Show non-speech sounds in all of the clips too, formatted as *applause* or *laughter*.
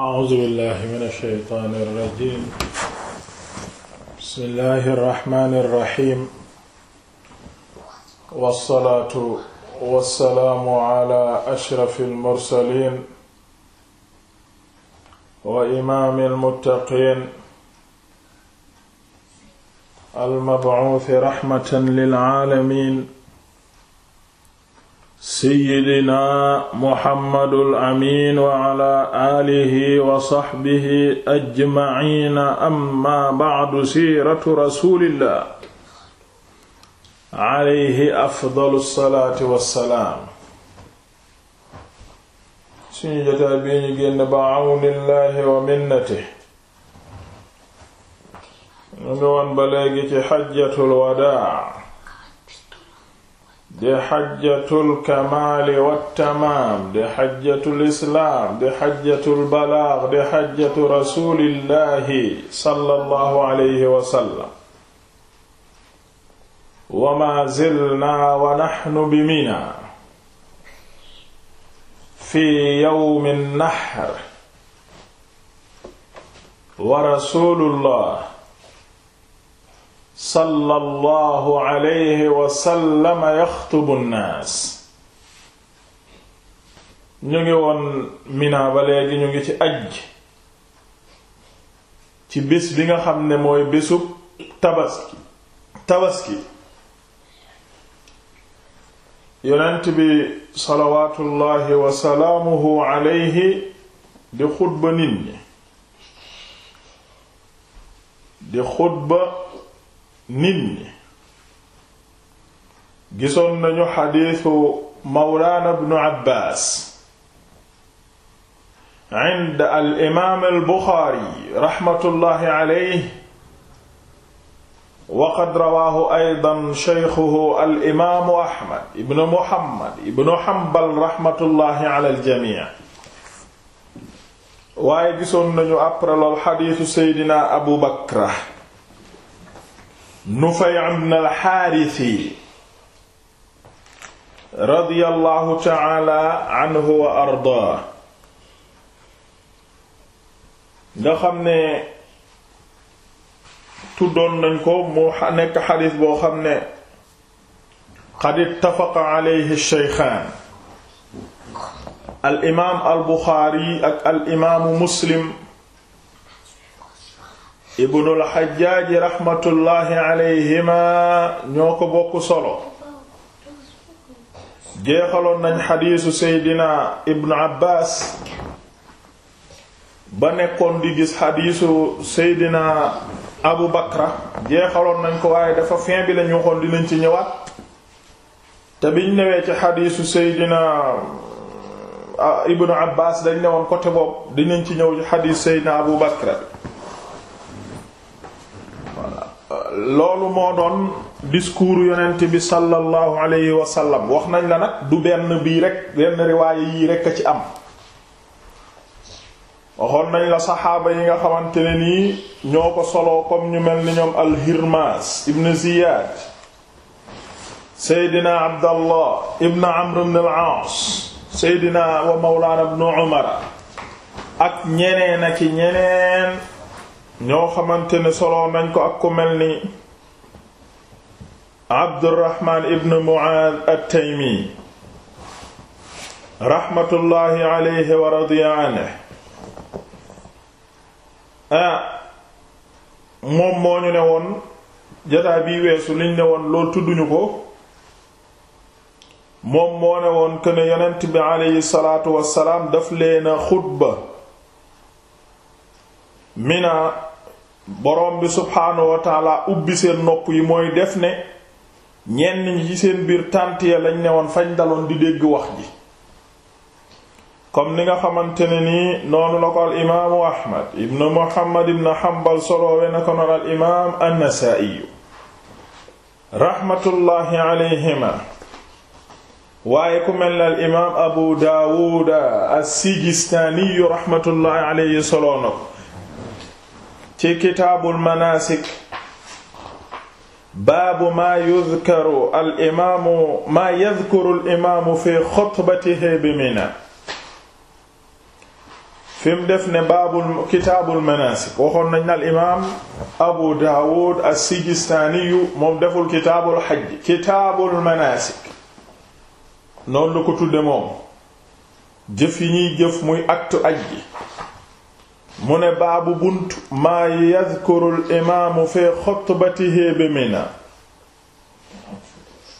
a'uuzu billahi mina shaytaani rajiim bismillahi rahmaani rahiim wassalaatu wassalaamu ala ashrafil mursaliin wa imaamil muttaqiin al-mab'uuthi rahmatan lil aalamiin seyyidina muhammadul amiin wa ala aalihi wa saxbihi ajmaciina amma bacdu siiratu rasuulillah alayhi afdalu salaati wa salaam. suñu jotaay bi ñu génn ba awnillahi wa minnatihi. ñu ngi woon ba léegi ci xajjatul wadaa. di xajjatul kamaali wattamaam di xajjatul islaam di xajjatul balaag di xajjatu rasuulillahi sallallahu alayhi wa sallam. wa maa zilnaa wa naxnu bi Mina. fi yawmi naxr. wa rasuulullah. sallallahu alayhi wa sallam yaxtubu nnaas ñu ngi woon Mina ba léegi ñu ngi ci ajj ci bis bi nga xam ne mooy bésub tabaski tabaski yonent bi salawaatullahi wa salaamuhu alayhi di xutba nit ñi di xutba nit ñi gisoon nañu xadiisu mawlaana bnu abbaas inda al imaam al buxaari raxmatullahi alayhi wa qad rawaahu aydan shaykhuhu al imaamu ahmad ibnu muhammad ibnu hanbal raxmatullahi ala al jamii waaye gisoon nañu après lool xadiisu seydina abu bakra Nufay ibn al-Haarisi radiyallahu ta'ala anhu wa ardaa nga xam ne tuddoon nañ ko mu nekk xadis boo xam ne qad ittafaqa alayhi shaykhaan al imaam al Buxaari ak al imaamu Muslim ibnul xajjaaji raxmatullaahi alayhima ñoo ko bokk solo jeexaloon nañ xadiisu seydina ibnu abbaas ba nekkoon di gis xadiisu seydina abu bakra jeexaloon nañ ko waaye dafa fin bi lañu waxoon dinañ ci ñëwaat te bi ñu newee ci xadiisu seydina ah, ibnu abbaas dañ newoon côté boobu dinañ ci ñëw ci xadiis seydina abu bakra loolu moo doon discours yonent bi sallallahu alayhi wa wax nañ la nag du benn bii rek benn riwaaye yii rek a ci am waxoon nañ la saxaaba yi nga xamante ne nii ñoo ko soloo comme ñu mel ni ñoom al-Hirmas ibn Ziyad Seydina Abdallah ibn Amr ibn al Seydina wa Mawlana ibn Umar ak ñeneen ak ñeneen ñoo xamante ne solo nañ ko ak ku mel ni Abdurrahman ibn Mu'aaz at-Taymi raxmatullaahi alayhi wa radiya anhu ah moom moo ñu ne woon jataa bi weesu liñ ne woon loolu tudduñu ko moom moo ne woon que ne yonent bi aleyhi salaatu wassalaam daf leena xutba mina borom bi subhaanahu wa ubbi seen nopp yi mooy def ne ñenn ci seen biir tànt ya lañ newoon fañ daloon di dégg wax ji comme ni nga xamante ne nii noonu la ko al imaamu ahmad ibnu muhammad ibnu hanbal soloowe na ko noon al imaam annasaa'iyu raxmatullaahi alayhima waaye ku mel ne al imaam abu daawuda as-sijistaaniyu raxmatullaahi alayhi soloo na ko ci kitaabul manaasik baabu maa yudkaru al imaamu maa yadkuru al imaamu fi xutbatihi bi Mina fi mu def ne baabul kitaabul manaasik waxoon nañ ne al imaam Abu Daawud as-Sijistaaniyu moom deful kitaabul xajj kitaabul manaasik noonu la moom jëf yi muy aktu aj mu ne baabu bunt maa yadkuru al imaamu fi xutbatihi bi Mina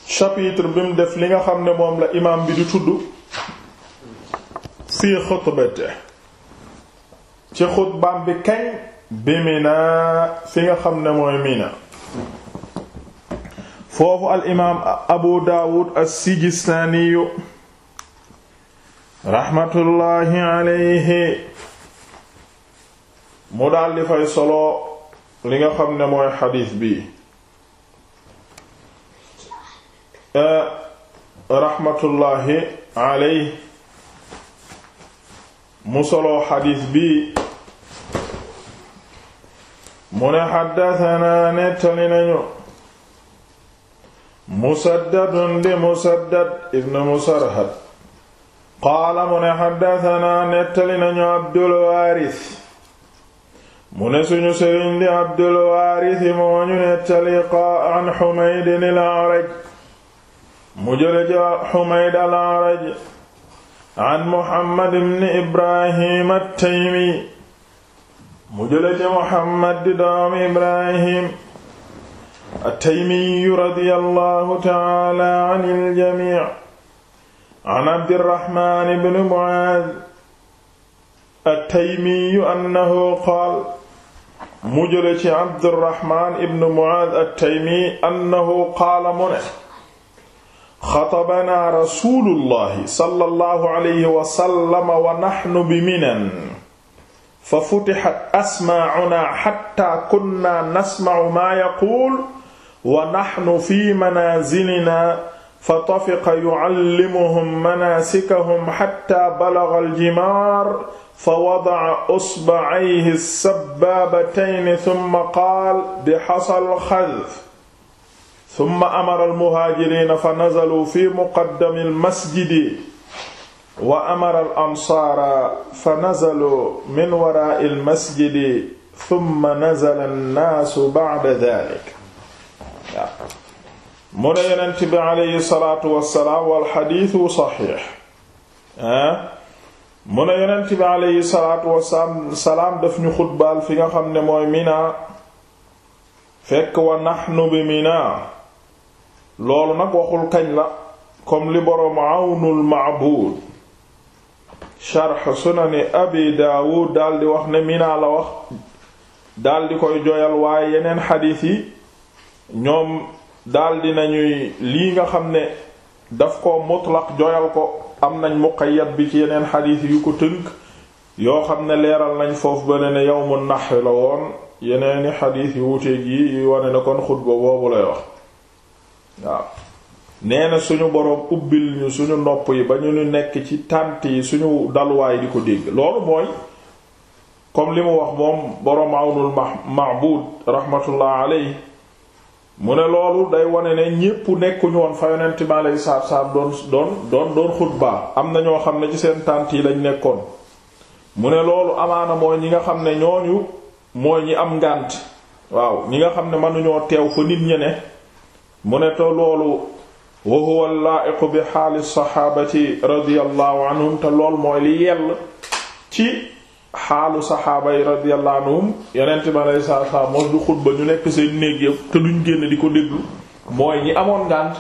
chapitre bi mu def li nga xam ne moom la imaam bi di tudd fi xutbati ci xutbaam bi kañ bi Mina fi nga xam ne mooy Mina foofu al imaam Abu Daawud as-Sijistaaniyu raxmatullaahi alayhi mu daal fay solo li nga xam ne mooy xadiis bi eh, raxmatullaahi aley mu solo xadiis bi mu ne xaddatanaa nettali nañu musaddadun di musaddad ibn musarhad qaala mu ne xaddatanaa nettali nañu abdul waaris mu ne suñu sëriñ di Abdul Waaris moo ñu nettali qa an Humayd al-A'raj mu jële ci Humayd al-A'raj an Muhammad ibn Ibrahim at-Taymi mu jële ci Muhammad di doomi Ibrahim at-Taymi radiyallahu ta'ala anil jamii' an Abdirrahman ibn Mu'aaz at-Taymi annahu qaala mu jële ci abdirahman ibn muaaz at-taymi annahu qaala mu ne xatabanaa rasuulullahi sallallahu alayhi wa sallam wa naxnu bi minan fa futixat asmaa'unaa xattaa kunnaa nasma'u maa yaquul wa naxnu fi manaazilinaa fa tafiqa yu'allimuhum manaasikahum xattaa balaga al-jimaar fa wadaca usbacayhi sabbaabatayni summa qaal di xasal xadf summa amara almuhaajiriina fa nazaluu fi muqaddami almasjidi wa amara alansaara fa nazaluu min waraa'i almasjidi summa nazala annaasu bacda daalika mu ne yonent bi alayhi salaatu wassalaam wal xadiisu saxiix ah. mu ne yonent bi aleyhi salaam daf ñu xutbaal fi nga xam ne mooy Mina fekk wa nahnu bi Mina loolu nag waxul kañ la comme li boroom Awnul Ma'buud sharh sunani Abi Daawud daldi wax ne Mina la wax daldi koy joyal waaye yeneen xadiis yi ñoom daldi nañuy lii nga xam ne daf ko mutlaq joyal ko am nañ muqayyad bi ci yeneen xadiis yu ko tënk yoo xam ne leeral nañ foofu ba ne ne yawmu nahr la woon yeneeni xadiis yu wuteeg yi yuy wane ne kon xutba boobu lay wax waaw nee suñu boroom ubbil ñu suñu nopp yi ba ñu nekk ci tànt yi suñu dalwaay di ko dégg loolu mooy comme li mu wax moom boroom awnul mahbud rahmatullah alayhi mu ne loolu day wane ne ñépp nekkuñu woon fa yonent bi alayhi salaatu salaam doon doon doon doon xutba am na ñoo xam ne ci seen tànt yi lañu nekkoon mu ne loolu amaana mooy ñi nga xam ne ñooñu mooy ñi am ngànt waaw ñi nga xam ne mënuñoo teew fa nit ña ne mu ne te loolu wa huwa laa'iqu bi xaali saxaabati radiyallahu anhum te lool mooy li yell ci xaalu saxaaba yi radiyallahu anhum yonent bi alayhi salaam mos du xutba ñu nekk seen néeg yëpp te duñ génn di ko déglu mooy ñi amoon ngànt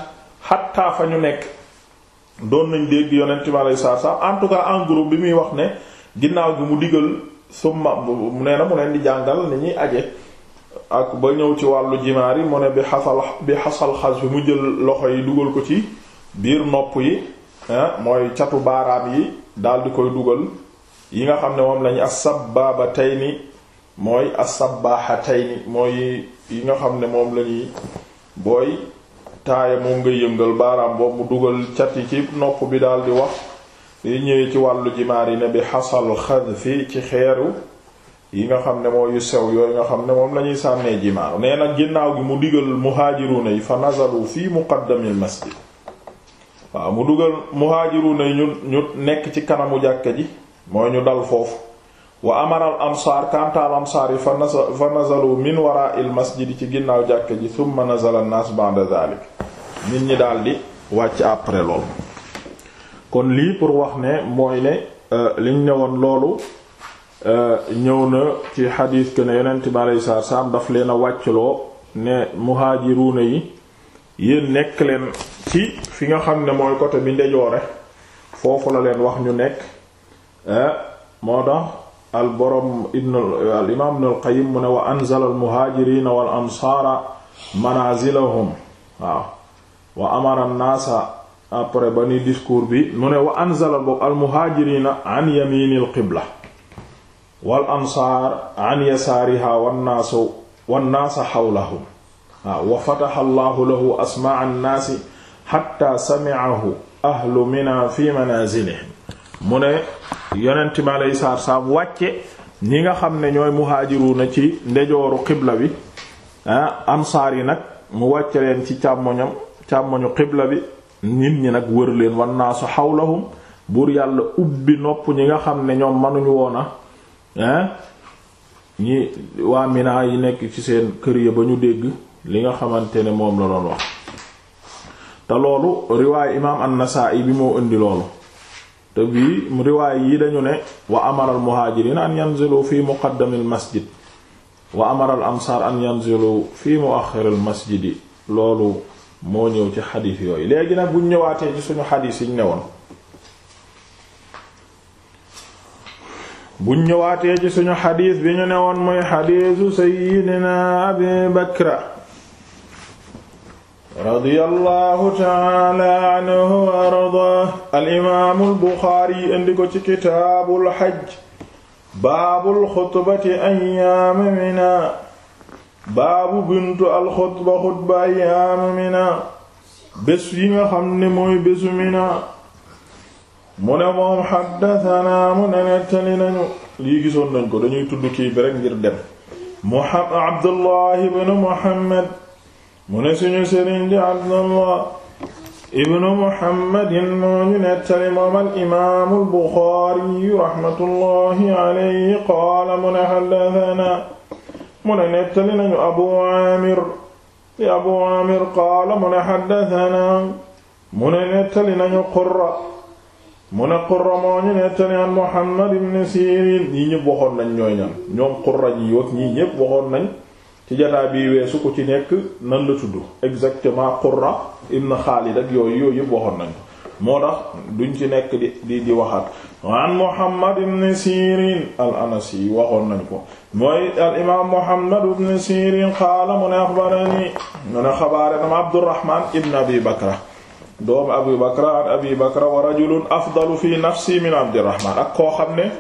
xattaa fa ñu nekk doon nañ dégg yonent bi alayhi salaam en tout cas en gros bi muy wax ne ginnaaw gi mu digal summa mu nee na mu leen di jàngal ni ñuy aje ak ba ñëw ci wàllu jimaar yi mu ne bi xasal bi xas bi mu jël loxo yi dugal ko ci biir nopp yi ah, mooy catu baaraam yi daal di koy dugal yi nga xam ne moom lañu assabaabatayni mooy assabaaxatayni mooy yi nga xam ne moom lañuy booy taaya moom nga yëngal baaraam boobu mu dugal cati ci nopp bi daal di wax li ñëwee ci wàllu jimaar yi ne bi xasal xad fi ci xeeru yi nga xam ne mooy yu sew yooyu nga xam ne moom lañuy sànnee jimaar nee nag ginnaaw gi mu digal muhaajiruna yi fa nazalu fii muqaddamil masjid waaw mu dugal muhaajiruna yi ñu ñu nekk ci kanamu jàkka ji mooy ñu dal foofu wa amaral saar ansaar kantaal ansaar yi fa nazalu min waraa'il masjid ci ginnaaw jàkka ji thumma nazala an-nas ba'da dhalik nit ñi daldi wàcc après lool kon lii pour wax ne mooy ne euh, liñ ne woon loolu euh, ñëw na ci xadiis que ne yonent bi aleyhi salaatu daf leen a wàcculoo ne muhaajiruuna yi yéen nekk leen ci fi nga xam ne mooy côté bi ndejoore foofu la leen wax ñu nekk Eh, moo tax al borom ibn al imaam ibn al qayyim mu ne wa anzala al muhaajiriina wal ansaara manaazilahum waaw wa amara an-naasa après ba ni discours bi mu ne wa anzala boobu al muhaajiriina an yamiinil qibla wal ansaar an yasaariha wannaasu wannaasa xawlahum waaw wa fataha allahu lahu asmaa annaasi xatta mina fi manaazilihim yonent bi alayhi salaam wàcce ñi nga xam ne ñooy na ci ndejooru xibla bi ah ansaar yi nag mu wàcce leen ci càmmoñam càmmoñu xibla bi nit ñi nag wër leen wan naasu xawlahum buur yàlla ubbi nopp ñi nga xam ne ñoom manuñu woona ah ñi waa naa yi nekk ci seen kër ya ba ñu dégg li nga xamante ne moom la doon te loolu riwaayu imaam an-Nasaa'i bi moo indi loolu te bii riwaay yi dañu ne wa amara al muhajirin an yanzilu fi muqaddami al masjid wa amara al ansaar an yanzilu fi muaxir al masjidi loolu moo ñëw ci xadiis yooyu léegi nag buñ ñëwaatee ci suñu xadiis yiñ ne woon ñëwaatee ci suñu xadiis bi ñu ne woon mooy xadiisu sayyidina na bakra radiyallahu taala anhu wa arda alimaamul buxaari indi ko ci kitaabul xaj baabul xutbati ayyaama mina baabu buntu alxutba xutba ayyaama mina bés yi nga xam ne mooy bésu mina mu ne moom xaddatanaa mu ne nettali nañu lii gisoon nañ ko dañuy tudd kii bi rekk ngir dem Abdullahi ibn Muhammad mu ne suñu sëriñ di Abdullah ibnu Muhammadin moo ñu nettali moom al imaamu al Buxaari raxmatullahi alayhi qaala mu ne haddasanaa mu ne nettali nañu Abu Aamir di Abu Aamir qaala mu ne haddasanaa mu ne nettali nañu Qurra mu ne Qurra moo ñu nettali an Muhammad ibn Sirin ñii ñëpp waxoon nañ ñooy ñan ñoom Qurra ji yoog ñii ñëpp waxoon nañ ci jataa bii weesu ko ci nekk nan la tudd exactement Qurra ibn Xaalid ak yooyu yooyu yëpp waxoon nañu moo tax duñ ci nekk di di di waxaat waan Muhammad ibn Sirin al Anasi waxoon nañ ko mooy al imaam Muhammad ibn Sirin qaala mu ne axbarani mu ne xabaare dama Abdurrahman ibn Abi Bakra doomu Abi Bakra an Abi afdalu fi nafsi min Abdurrahman ak koo xam ne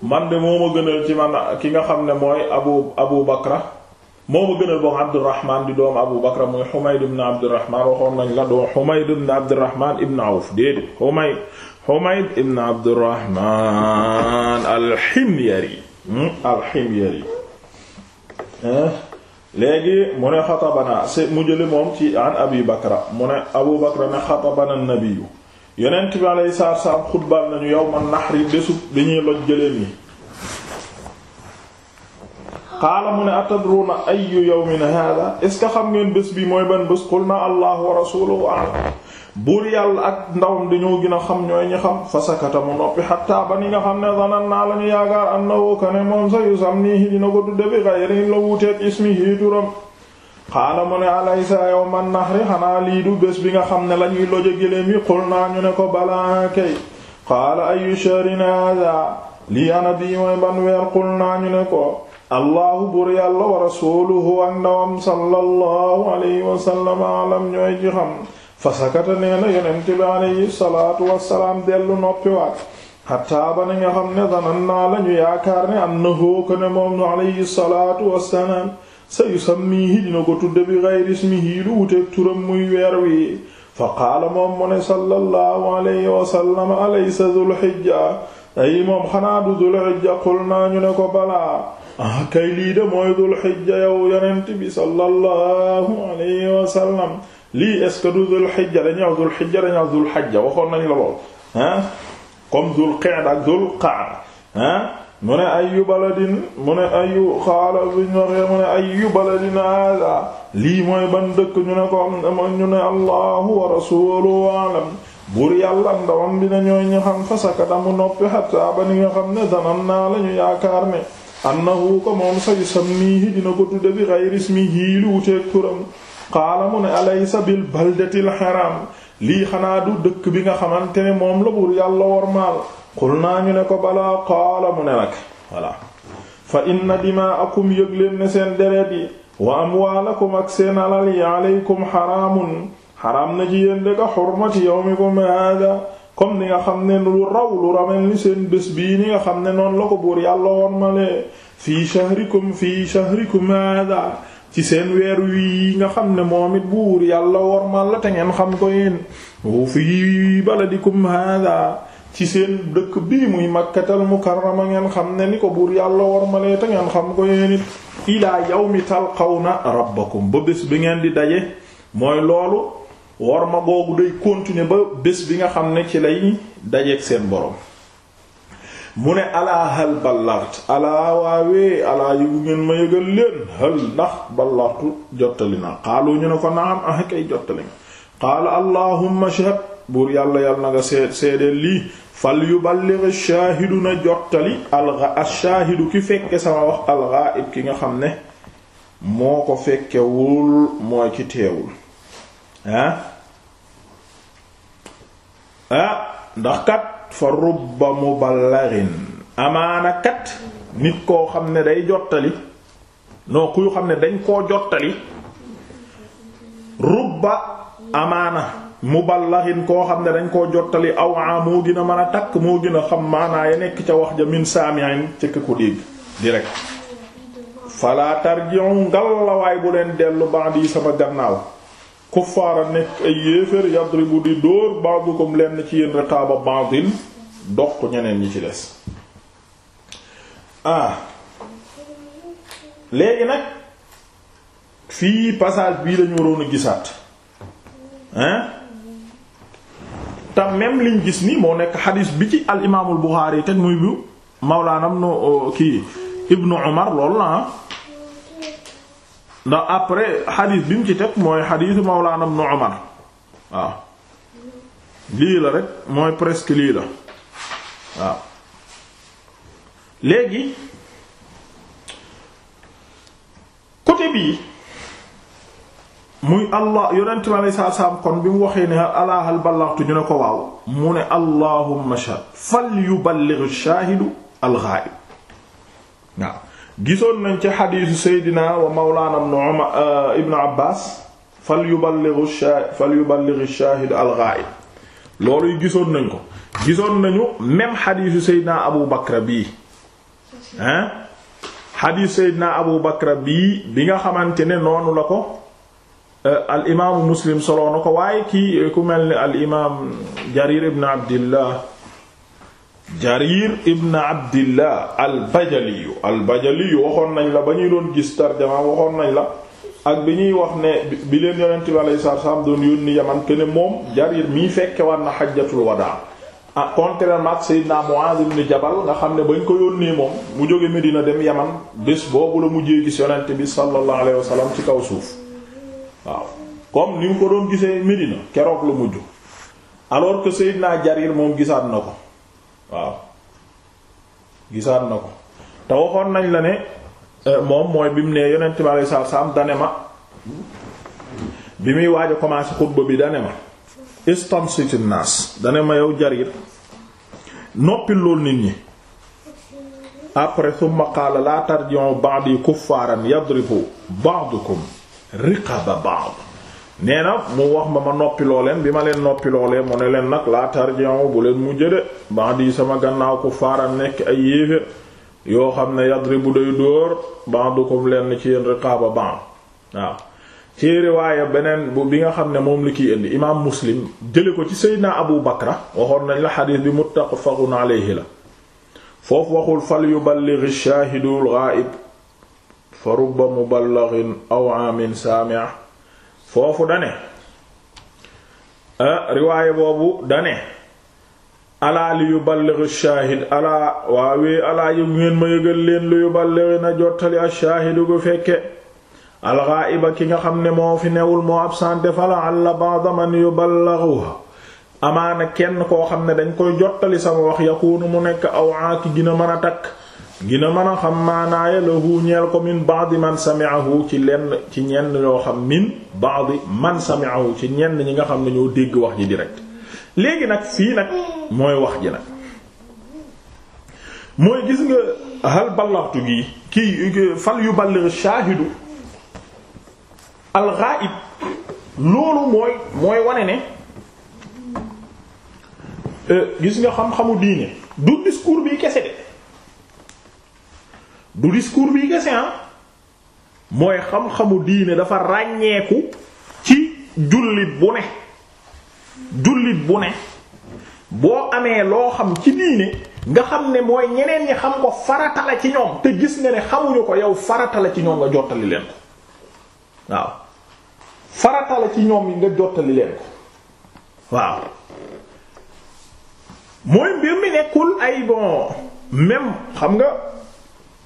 man de moo ma gënal ci man ki nga xam ne mooy Abu Abu Bakra moo ma gënal boog Abdurrahman di doomu Abu Bakr muy Humayd ibn Abdurrahman waxoon nañ la doo Humayd ibn Abdurrahman ibn Awf déedéet Humayd Humayd ibn Abdurrahman hmm, léegi mu ne xatabana mu jële moom ci an Abi Bakra mu ne Abu Bakra ne xatabana an-nabiyyu yonent bi alayhi salaam xutbal nañu yawma an-nahri bésu dañuy loj jëleen yi qaala mu ne atadruuna ayyu yawmin haadaa est ce xam ngeen bés bi mooy ban bés qul naa allahu wa rasuluhu a'lam buur yàlla ak ndawam dañoo gën a xam ñooy ñi xam fa sakata mu noppi xatta ba ni nga xam ne danan naa la ñu yaakaar annahu kaane moom sa yusammihi dina ko tudde bi xayrin la wuuteeg ismihi turam xaala mu ne alaysa yawman nahri xanaa lii du bés bi nga xam ne la ñuy loje géléem yi qul naa ñu ne ko balaa kay qaala ayyu shahrin haadaa lii ana bii ñu ko allahu buur yàlla wa rasuluhu ak ndawam sallallahu alayhi wasallam alam ñooy ci xam fasakata nee na yonent bi alayhi salaatu wasalaam dellu noppiwaat xattaa ba ni nga xam ne danan lañu yaakaar ne am na moom nu alayhi salaatu wasalaam sa yusammiihi dina ko tudde bi gayri ismihi lu wuteeg turam muy weer wi fa qaala moom mu ne sallallahu alayhi wasallam alaysa dul xijja ay moom xanaa du dul xijja qul ñu ne ko balaa ah kay lii de mooy dul xijja yow yonent bi sallallahu alayhi wa lii est ce que du dul xijja dañuy wax dul xijja dañuy wax dul xajja waxoon nañ la lool ah comme dul qa'da ak dul qa'da ah mu ne ayu baladin mu ne ayu xaala biñ waxee mu ne ayu baladin hada lii mooy ban dëkk ñu ne ko ñu ne allahu wa rasuluhu alam buur yàlla ndawam bi na ñooy ñu xam fasaka damu noppi hatta ba ni nga xam ne danan naa lañu yaakaar ne annahu ko moom sa yusammihi dina ko tudde bi ghayri ismihi lu wuteeg turam qaala mu ne alaysa bil baldatil haram lii xanaa du dëkk bi nga xamante ne moom la buur yàlla wormaal xul naa ñu ne ko balaa qaala mu ne nag voilà fa inna dimaakum yëg leen seen deret yi wa amwaalakum ak seen alal yi aleykum xaraam na ci de ka xurmati yawmikum haada comme ni nga xam ne lu raw lu ramel ni seen bés bii ni nga xam ne noonu la ko buur yàlla woon ma lee fii shahrikum fii shahrikum hada ci seen weer wii nga xam ne moom it buur yàlla wormal la te ngeen xam ko yéen wu fii baladikum ci seen dëkk bii muy makkatal mukarrama ngeen xam ne ni ko buur yàlla wormalee te ngeen xam ko yéen it ilaa xaw na rabbakum ba bés bi ngeen di daje mooy loolu war ma boobu day continuer ba bés bi nga xam ne ci lay dajeeg seen borom mu ne alaa hal ballart alaa waawee alaa ngeen ma yëgal leen hal ndax ballartu jottali na xaalu ñu ne ko naam ah kay jottali nga qaala allahumma shahad buur yàlla yàlla na nga see seedeel lii fal yuballigh shaahidu na jottali alga ashaahidu ki fekke sama wax alghaib ki nga xam ne moo ko fekkewul mooy ki teewul ah? ah ndax kat fa rubba muballighin amaana kat nit koo xam ne day jottali non kuy xam ne dañ koo jottali rubba amaana muballighin koo xam ne dañ koo jottali awaa moo gën a mën a takk moo gën a xam maanaa ya nekk ca wax ja min saami'in ca ka ko dégg direct fala tarji'u ngal la bu leen dellu ba'di sama gannaaw kuffaara nekk ay yéeféer yadribu di dóor ba'dukum lenn ci yéen rataaba ba'din doq ñeneen ñi ci des ah léegi nag fii passage bii lañu waroon a gisaat hein te liñ gis ni moo nekk xadiis bi ci al imaamul teg muy bu mawlaanam no kii ibnu Umar loolu la ah. ndax après xadiis bi mu ci teg mooy xadiisu Mawlaana Ibnu Umar waaw lii la rek mooy presque lii la waaw léegi côté bii muy allah yonent bi alei saatu kon bi mu waxee ne alaa ballaxtu ñu ne ko waaw mu ne allahumma shahid fal yuballigh ash-shahidu al-ghaib waaw gisoon nañ ci xadiisu seydina wa mawlaana ibnu euh, abbaas fal yuballighu shaahid fal yuballighu al-ghaa'ib loolu yi gisoon nañ ko gisoon nañu même xadiisu seydina abu bakra bii hein xadiisu seydina abu bakra bii bi nga xamante ne noonu la ko euh, al imaamu muslim soloona ko waaye kii ku mel ni al imaam jarir ibnu abdillah jarir ibn abdillah albajaliyu albajaliyu waxoon nañ la ba ñuy doon gis tarjama waxoon nañ la ak bi ñuy wax ne bi leen yonent bi alayhi salaam doon yónni yaman ke moom jarir mii fekke war na xajjatul wadaa ah contrairement ak Seydina Muaz ibn Jabal nga xam ne bañ ko yónnee moom mu jóge Medina dem yaman bés boobu la mujjee gis yonent bi sallallahu alayhi wa sallam ci kaw suuf waaw comme ni mu ko doon gisee Medina keroog la mujj alors que Seydina moom gisaat na ko waaw gisaat na ko te waxoon nañ la ne euh, moom mooy bi mu ne ma bi alayhi salaatu salaam dane ma bi muy waaj a commencé xutba bi dane ma istamsit an-nas dane ma yow Jarir noppil loolu nit ñi après thumma qaala la tarji'u ba'di kuffaaran yadribu ba'dukum riqaba ba'd nee na mu wax ma ma noppiloo leen bi ma leen noppiloo leen mu ne leen nag laa tarji'u bu leen mujj de ba'di sama gannaaw ku faara nekk ay yéeféer yoo xam ne yadribu day dóor ba'dukum leen ci yéen riqaaba ba'd waaw ci riwaaya beneen bu bi nga xam ne moom li kiy indi imaam muslim jële ko ci seydina abu bakra waxoon nañ la xadiis bi muttafaqun alayhi la foofu waxul fal yuballighi shaahidul ghaa'ib fa rubba muballighin aw aamin saami' foofu dane ah, riwaaye boobu dane alaa li yuballighu shaahid alaa waawee alaa yëg ngeen ma yëgal leen lu yuballighu na jottali ashaahidu gu fekke alxaayiba ki nga xam ne moo fi newul moo absente fala alla ba'da man yuballighuha amaana kenn koo xam ne dañ koy jottali sama wax yakuunu mu nekk aw aaki gina mën a takk gina mën a xam maanaaya lahu ñeel ko min ba'di man sami'ahu ci lenn ci ñenn ñoo xam min ba'di man sami'ahu ci ñenn ñi nga xam ne ñoo dégg wax ji direct léegi nag fii nag mooy wax ji nag mooy gis nga hal ballaxtu gi kii fal yu balligh shaahidu al ghaib loolu mooy mooy wane ne euh, gis nga xam-xamu diine du discours bi kese de du discours bii kese ah mooy xam-xamu diine dafa ràññeeku ci jullit bu ne jullit bu ne boo amee loo xam ci diine nga xam ne mooy ñeneen ñi xam ko farata la ci ñoom te gis nga ne xamuñu ko yow farata la ci ñoom nga jottali leen ko waaw farata ci ñoom yi nga jottali leen ko waaw mooy mbir mi nekkul ay bon même xam nga.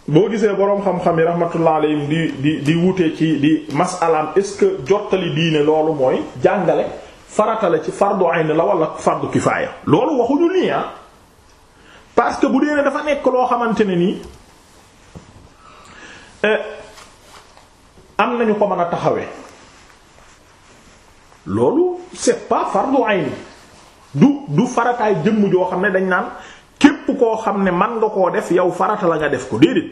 boo gisee boroom xam-xam yi rahmatullah alayhim di di di wute ci di masalaam est-ce que jottali diine loolu mooy jàngale farata la ci fardu ayn la wala fardu kifaaya loolu waxuñu nii ah parce que bu dee ne dafa nekk loo xamante ne nii eh, am nañu ko mën a taxawe loolu c'est pas fardu ayn du du farataay jëmm joo xam ne dañ naan képp koo xam ne man nga koo def yow farata la nga def ko déedéet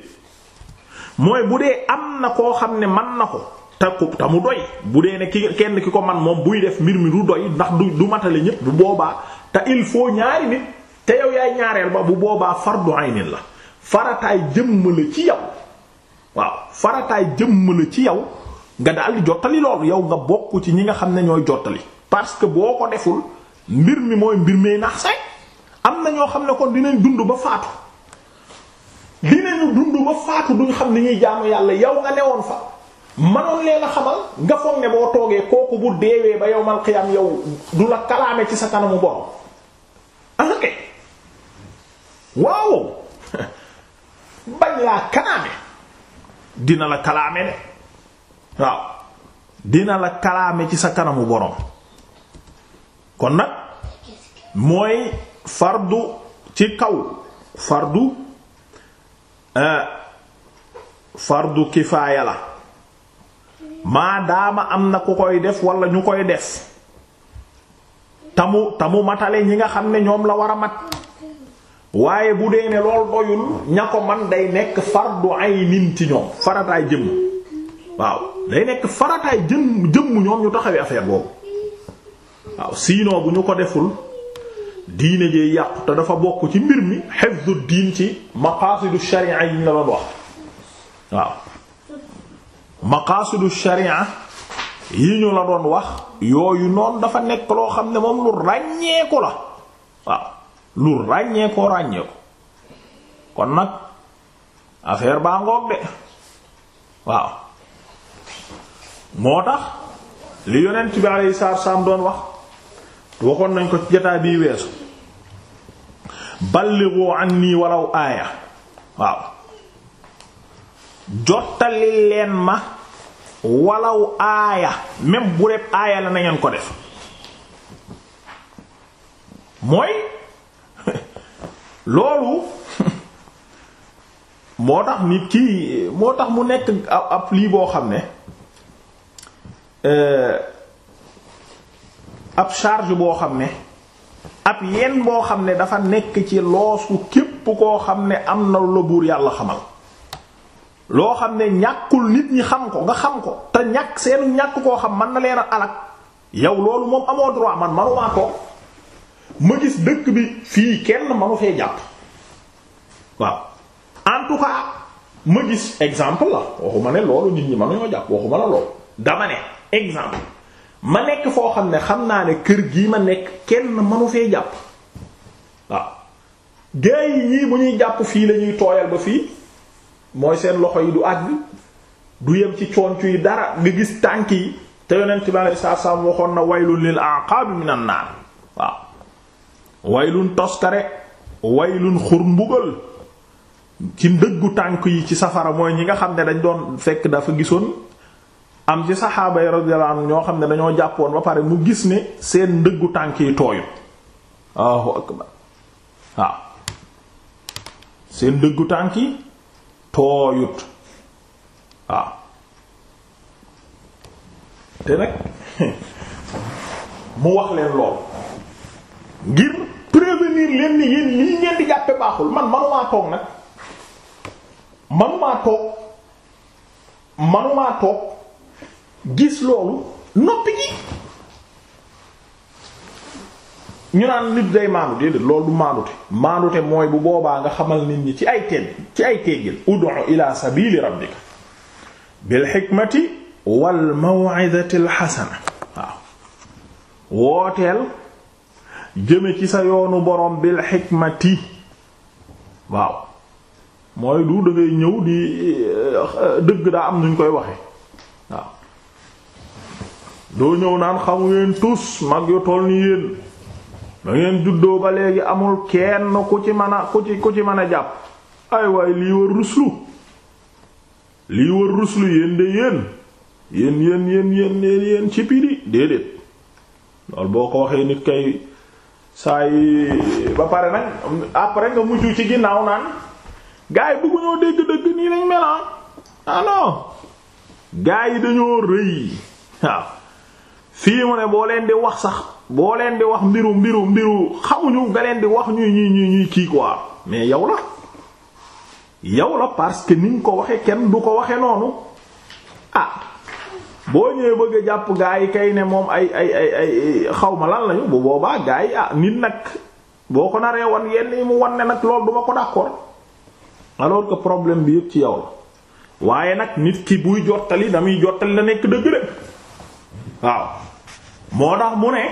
mooy bu dee am na koo xam ne man na ko te ku te mu doy bu dee ne ki kenn ki ko man moom buy def mbir mi du doy ndax du du matale ñépp bu boobaa te il faut ñaari nit te yow yaay ñaareel ba bu boobaa far fardu aynin la farataay jëmm la ci yow waaw farataay jëmm la ci yow nga daldi jottali loolu yow nga bokk ci ñi nga xam ne ñooy jottali parce que boo ko deful mbir mi mooy mbir mi nax am ñoo xam ne kon dinañ dund ba faatu dinañu dund duñ xam ni ñuy jaamu yàlla yow nga newoon fa manoon leen a xamal kooku bu deewee ba yow mal xiyam yow du la kalaame ci sa kanamu borom waaw *laughs* bañ laa dina la kalaame ne waaw dina la kalaame ci sa kanamu borom kon nag mooy fardu ci kaw fardu eh, fardu kifaaya la maadaama am na ku koy def walla ñu koy def tamu tamu matale ñi nga xam ne ñoom la war a mat waaye bu dee ne lool doyul ña ko man day nekk fardu aynin ci ñoom farataay jëmm waaw day nekk farataay jëmm jëmm ñoom ñu taxawee affaire boobu waaw sinon bu ñu ko deful diine jee yàqu dafa bokk ci mbir mi hifdu diin ci maqaasidu sharia yi ñu la doon wax waaw maqaasidu sharia yi ñu la doon wax yooyu noonu dafa nekk loo xam ne moom lu ràññeeku la waaw lu ràññeekoo ràññeeku kon nag affaire baa ngoog de waaw moo tax li yonent bi alayhi salaam doon wax waxoon nañ ko ci jotaay bii weesu ballighu anni walaw aaya waaw jottali leen ma walaw aaya même bu reb aaya la na ko def mooy *laughs* loolu *laughs* moo tax mu nekk ab lii boo xam ne euh, ab charge boo xam ne ab yenn boo xam ne dafa nekk ci loosu képp koo xam ne am na lu buur yàlla xamal loo xam ne ñàkkul nit ñi xam ko nga xam ko te ñàkk seenu ñàkk koo xam mën na leen a alak yow loolu moom amoo droit man manumaa ko ma gis dëkk bi fii kenn manu fee jàpp waaw en tout cas ma gis exemple la waxuma ne loolu nit ñi manuñoo jàpp waxuma la loolu dama ne exemple ma nekk foo xam ne xam naa ne kër gi ma nekk kenn mënu fee jàpp waaw gaa yi ñii bu ñuy jàpp fii lañuy tooyal ba fii mooy seen loxo yi du àgg du yem ci conc yi dara nga gis tànk yi te yonent bi alayhi salaatu salaam waxoon na waylun lil aqaabi minan naar waaw waylun toskare waylun xur mbugal ci ndëggu tànk yi ci safara mooy ñi nga xam ne dañ doon fekk dafa gisoon am ci saxaaba yi ñoo xam ne dañoo jàppoon ba pare mu gis ni seen dëggu tànk yi tooyut Allahu akbar waaw seen ndëggu tànk yi tooyut waaw te nag *laughs* mu wax leen lool ngir prévenir leen ni yéen lii di jàppe baaxul man manumaa toog nag manumaa toog manumaa toog gis loolu noppi ji ñu naan nit day maandu déedéet loolu du maandute maandute mooy bu boobaa nga xamal nit ñi ci ay tedd ci ay teggil ud'u ila sabili rabbika bil hikmati waaw wooteel jëme ci sa yoonu borom bil hikmati waaw mooy du dangay ñëw di eh, dëgg daa am nuñ koy waxe doo ñëw naan xamu ngeen tus mag yu tool ni yéen da ngeen juddoo ba léegi amul kenn ku ci mën a ku ci ku ci mën a jàpp ay waay lii war ruslu lii war ruslu yéen de yéen yéen yéen yéen yéen yéen yéen ci piri déedéet lool boo ko waxee nit kay saa ba pare nag après nga mujj ci ginnaaw naan gars yi bëggu ñoo dégg-dégg nii nañ melan ah. ah non yi dañoo rëy fii mu ne boo leen di wax sax boo leen di wax mbiru mbiru mbiru xamuñu nga leen di wax ñuy ñuy ñuy ñuy kii quoi mais yow la yow la parce que ni ko waxe kenn du ko waxe noonu ah boo ñëwee bëgg a jàpp gaa yi kay ne moom ay ay ay ay xawma lan lañu bu boobaa gaa yi ah nit nag boo ko naree wan yenn yi mu wan ne nag loolu duma ko d'accord alors que problème bi yëpp ci yow la waaye nag nit ki buy jottali damay jottali la nekk dëgg de waaw moo tax mu ne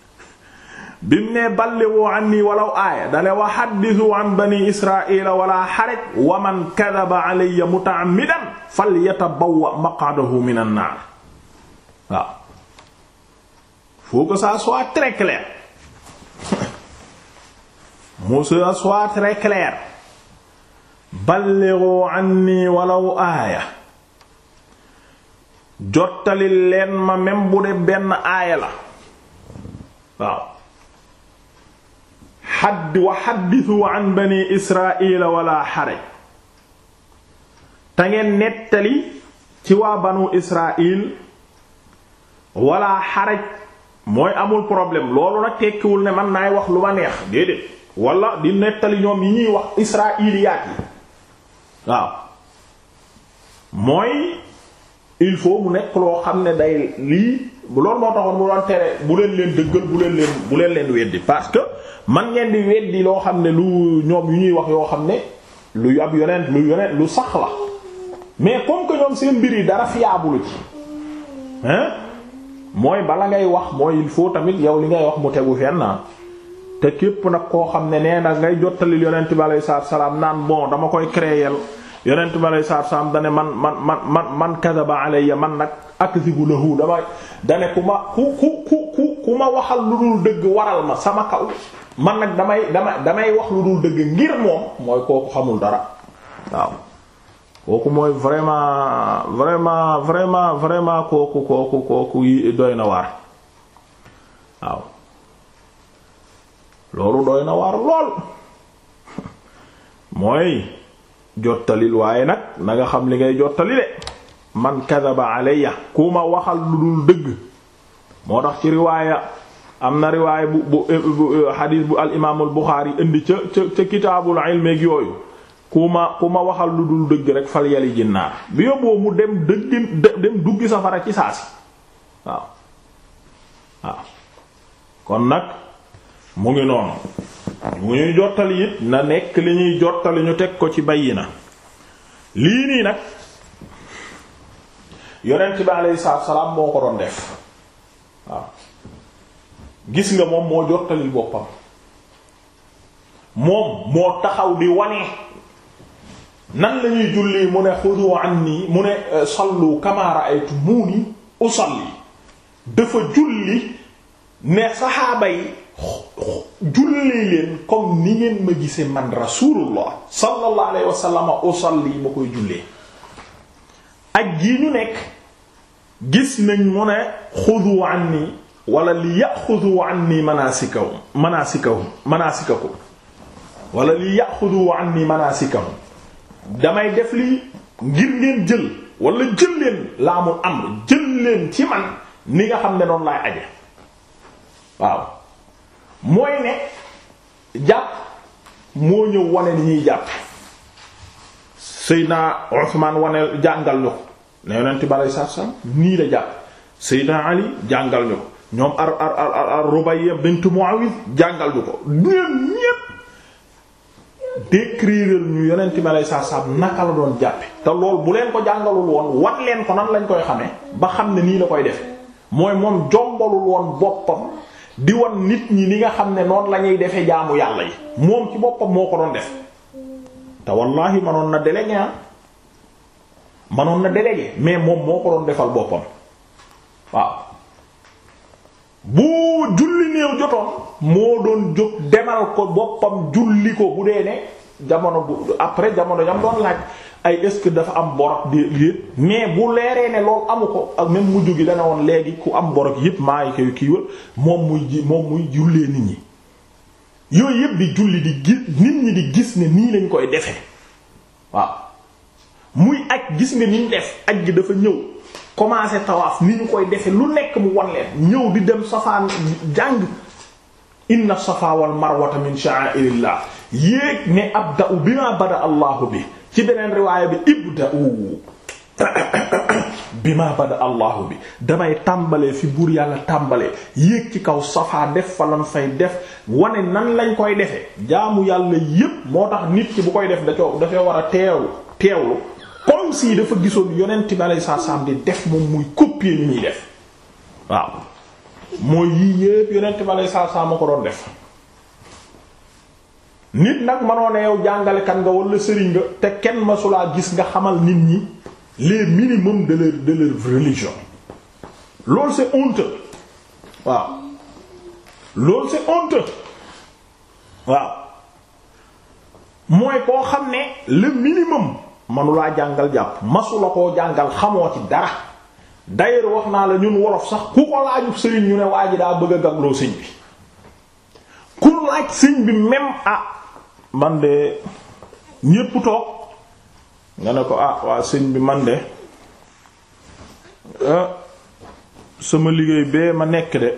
*laughs* bim ne ballighu anni walaw an bani israila wala haraj wa man kadaba alayya muta'ammidan falyatabawwa maq'adahu minan nar waaw faut que *laughs* jottali leen ma même bu dee benn aaya la waaw xadd wa xaddisu an bani israila wala xaraj te ngeen nettali ci waa banu israil wala xaraj mooy amul problème loolu nag tekkiwul ne man naay wax lu ma neex déedéet wala di nettali ñoom yi ñuy wax israiliyaat yi waaw mooy il faut mu nekk loo xam ne day lii loolu moo taxoon mu doon tere bu leen leen dëggal bu leen leen bu leen leen weddi parce que man ngeen di weddi loo xam ne lu ñoom yu ñuy wax yoo xam ne lu ab yonent lu yonent lu sax la mais comme que ñoom seen mbir yi dara fiable ci hein mooy bala ngay wax mooy il faut tamit yow li ngay wax mu tegu fenn ah. te képp nag koo xam ne nee na ngay jottali yonent bi alayhi salaam naan bon dama koy créer yonent bi aleyhi salaatu salaam dane man man man man man kadaba alayya man nag akzibu lahu damay dane ku ma ku ku ku ku ma waxal lu dul dëgg waral ma sama kaw man nag damay damay damay wax lu dul dëgg ngir moom mooy kooku xamul dara waaw kooku mooy vraiment vraiment vraiment vraiment kooku kooku doy na waar waaw loolu doy na waar lool *laughs* mooy jottalil waaye nag na nga xam li ngay jottali man kadaba alayya ku ma waxal lu dul dëgg moo tax ci riwaaya am na riwaaya bu bu eh, eh, xadiis bu al imaamul indi ca ca ca kitaabul ilmeeg yooyu ku ma ku ma waxal lu dul dëgg rek fal yali jinnaar bi yóbboo mu dem dëgg dem duggi safara ci saasi waaw waaw kon nag mu ngi noonu mu ñuy jottali it na nekk li ñuy jottali ñu teg ko ci na lii nii nag yonent bi alayhi salaatu salaam moo ko doon def waaw gis nga moom moo jottalil boppam moom moo taxaw li wane nan lañuy julli mu ne xudu anni mu ne euh, sallu kama ra'aytumuni usalli dafa julli ne saxaaba yi jullee leen comme ni ngeen ma gisee man rasulullah sallallahu alayhi wa sallam ma koy jullee ak yi ñu nekk gis nañ mu ne xudu anni wala li yaxudu anni manaasikahum manaasikahum manaasikakum wala li yaxudu anni manaasikahum damay def li ngir ngeen jël wala jël leen laa mu am jël leen ci man ni nga xam ne noonu laay aje waaw mooy ne jàpp moo ñëw wane ni ñuy jàpp Seydina Usmaan wane jàngal ñu ko ne yonent bi aleyhi salaatu salaam nii la jàpp Seydina Ali jàngal ñu ko ñoom ar ar ar ar Rubayya bint Muawiz jàngal ñu ko ñoom ñépp décrire ñu yonent bi aleyhi naka la doon jàpp te lool bu leen ko jàngalul woon wat leen ko nan lañ koy xamee ba xam ne nii la koy defe mooy moom jombalul woon boppam di wan nit ñi ni nga xam ne noonu lañuy ñuy defee jaamu yàlla yi moom ci boppam moo ko doon def te wallaahi manoon na délégué ah manoon na délégué mais moom moo ko doon defal boppam waaw bu julli néew jotoon moo doon jóg demal ko boppam julli ko bu dee ne jamono bu après jamono jam doon laaj ay est-ce que dafa am borog déet mais bu leeree ne loolu amu ko ak même mujj gi dana woon léegi ku am borog yëpp maa ngi koy kiiwal moom muy ji moom muy jullee nit ñi yooyu yëpp di julli di gis nit ñi di gis ne nii lañ koy defe waaw muy aj gis nga ni ñu def aj gi dafa ñëw commencé tawaaf ni ñu koy defe lu nekk mu wan leen ñëw di dem safaan jàng inna safa wal marwata min sha'airillah yéeg ne abda'u bima bada allahu bi ci beneen riwaaya bi ibda'u *coughs* bima bada allahu bi damay tàmbalee fi buur yàlla tàmbalee yéeg ci kaw safaa def falam fay def wane nan lañ koy defee jaamu yàlla yépp moo tax nit ki bu koy def daco dafee war a teew teewlu comme si dafa gisoon yonent bi alayhi salaam di def moom muy copier ni muy def waaw mooy yii yépp yonent bi alayhi salaam ma ko doon def nit nag mënoo ne yow jàngalekat nga wala sëriñ nga te kenn masu laa gis nga xamal nit ñi les minimums de leur religion loolu c'est honteux waaw loolu c'est honteux waaw mooy koo xam ne le minimum manulaa jàngal jàpp masula koo jàngal xamoo ci dara d'ailleurs wax naa la ñun wolof sax ku ko laaju sëriñ ñu ne waa ji daa bëgg a gagloo sëñ bi ku laaj sëñ bi même ah man de ñépp toog nga ne ko ah waa sëñ bi man de ah, sama liggéey bee ma nekk de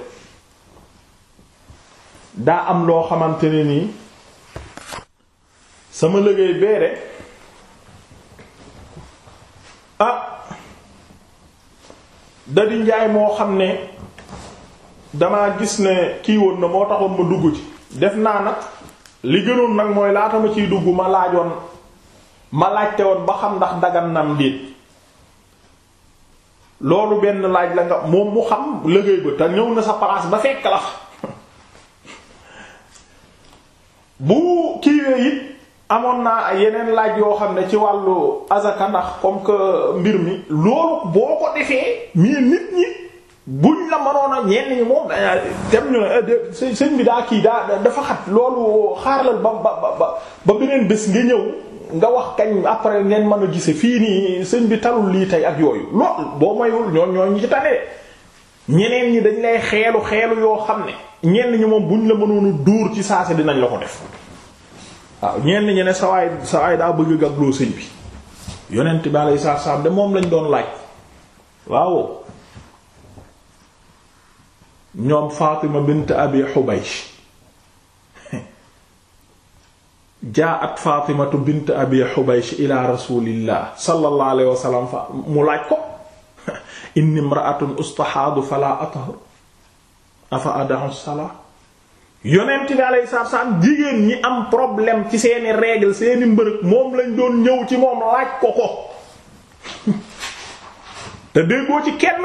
daa am loo xamante ne nii sama liggéey bee de ah da di njaay moo xam ne damaa gis ne kii woon na moo taxoon ma dugg ci def naa nag li gënoon nag mooy laatama ciy dugg ma laajoon ma laajte woon ba xam ndax dagan nam loolu benn laaj la nga moom mu xam liggéey ba te ñëw na sa place ba fekk la bu kiiwee it amoon naa yeneen laaj yoo xam ne ci wàllu azaka ndax comme que mbir mi loolu boo ko defee mii nit ñi buñ la mënoon a ñenn ñi moom dañaa dem ñu ne eh, sëñ bi daa kii daa dafa xat loolu xaaral ba ba ba ba beneen bés nga ñëw nga wax kañ après ngeen mën a gise fii nii sëñ bi talul lii tey ak yooyu lool boo mayul ñoon ñoo ñi ci tane ñeneen ñi dañ lay xeelu xeelu yoo xam ne ñenn ñi moom buñ la mënoon a dóor ci saase dinañ la ko def waaw ñenn ñi ne sawaay sawaay daa bëgg gagloo sëñ bi yonent bi alayhi salaam de moom lañ doon laaj waaw ñoom Fatima bint Abi Hubaysh jaa'at Fatimatu bint Abi Hubaysh ila rasulillah sallallahu alayhi wa fa mu laaj ko *laughs* inni imra'atun ustahaadu fala atahur afa adahu salaa yonent bi alayhi salaam jigéen ñi am problème ci seeni règle seeni mbërëg moom lañ doon ñëw ci moom laaj ko ko *laughs* te déggoo ci kenn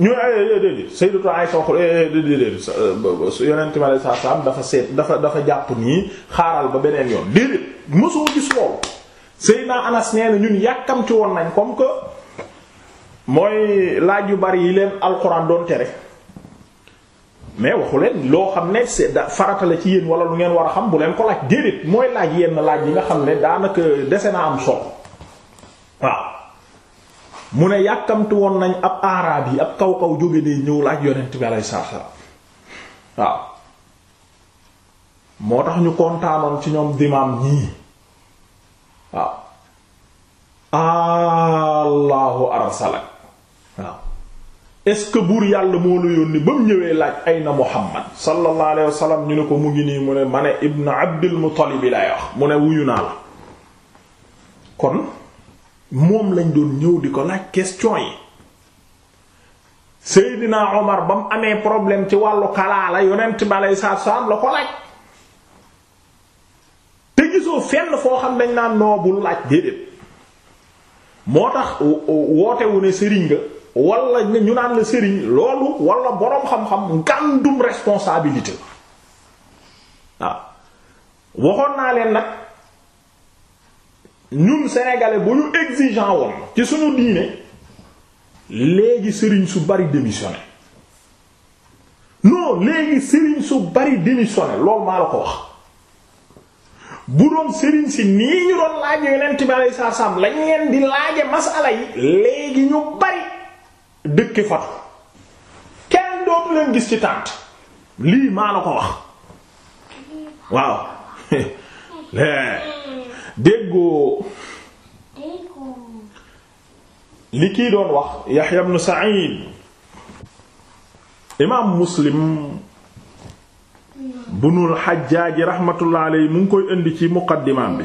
ñu eh, eh, déedéet Sayyidatu Aisha waxul eh, déedéet euh, yonent mi alayhi salaam dafa seet dafa dafa jàpp nii xaaral ba beneen yoon déedéet mosoo gis loolu Sayyidina Anas nee ñun yàkkamti woon nañ comme que mooy laaj yu bari yi leen alxuraan doon tere mais waxu leen loo xam ne c'est ci yéen wala lu ngeen war a xam bu leen ko laaj déedéet mooy laaj yenn laaj yi nga xam ne daanaka dese naa am solo waaw. mu ne yàkkamti woon nañ ab aaraab yi ab kaw kaw jóge ne ñëw laaj yonent bi alayhi salaam waaw moo tax ñu kontaanoon ci ñoom dimaam ñii waaw allahu arsalak waaw est-ce que buur yàlla moo la yónni ba mu ñëwee laaj ay na muhammad sallallahu alayhi wasallam ñu ne ko mu ngi nii mu ne ma ne ibn abdil muttalib lay wax mu ne wuyu naa la kon moom lañ doon ñëw di ko laaj question yi Seydina Omar ba mu amee problème ci wàllu kalaala yonent bi aleyhi salaatu salaam la ko laaj te gisoo fenn foo xam dañ naan noobul laaj déedéet moo tax wootewu ne sëriñ nga wala ñu naan la sëriñ loolu walla boroom xam-xam gàndum responsabilité la waaw waxoon naa leen nag ñun sénégalais bu ñu exigeant woon ci suñu diine léegi sëriñ su bari démissionné noo léegi sëriñ su bari démissionné loolu maa la ko wax bu doon sëriñ si nii ñu doon laaje yonent bi alayhi salaam lañ leen di laaje masala yi léegi ñu bari dëkk fatu kenn dootu leen gis ci tànt lii maa la ko wax waaw *laughs* déggoo li kii doon wax Yahya ibn Sa'id imaam Muslim hmm. bunul Hajjaaj rahmatullah alayhi mu ngi koy indi ci muqaddimaam bi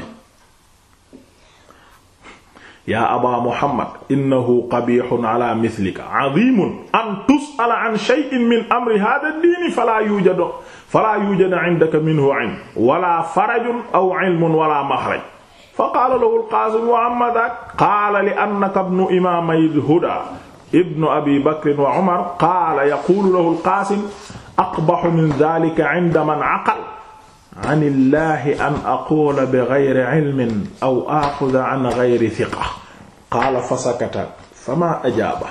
yaa aba muhammad innahu qabixun ala mislika azimun an tusala an cheyin min amri hada diini fala yujadu fala yujadu indaka minhu ilm wala farajun aw ilmun wala maxraj fa qaala lahu al-Qaasim wa amma dhaak qaala li annaka ibnu imaamay al-hudaa ibnu abi bakr wa umar qaala yaquulu lahu al-Qaasim aqbahu min dhaalika 'inda man 'aqala 'an Illaahi an aquula bighayri 'ilmin aw aakhudha 'an ghayri thiqa qaala fasakata famaa ajaaba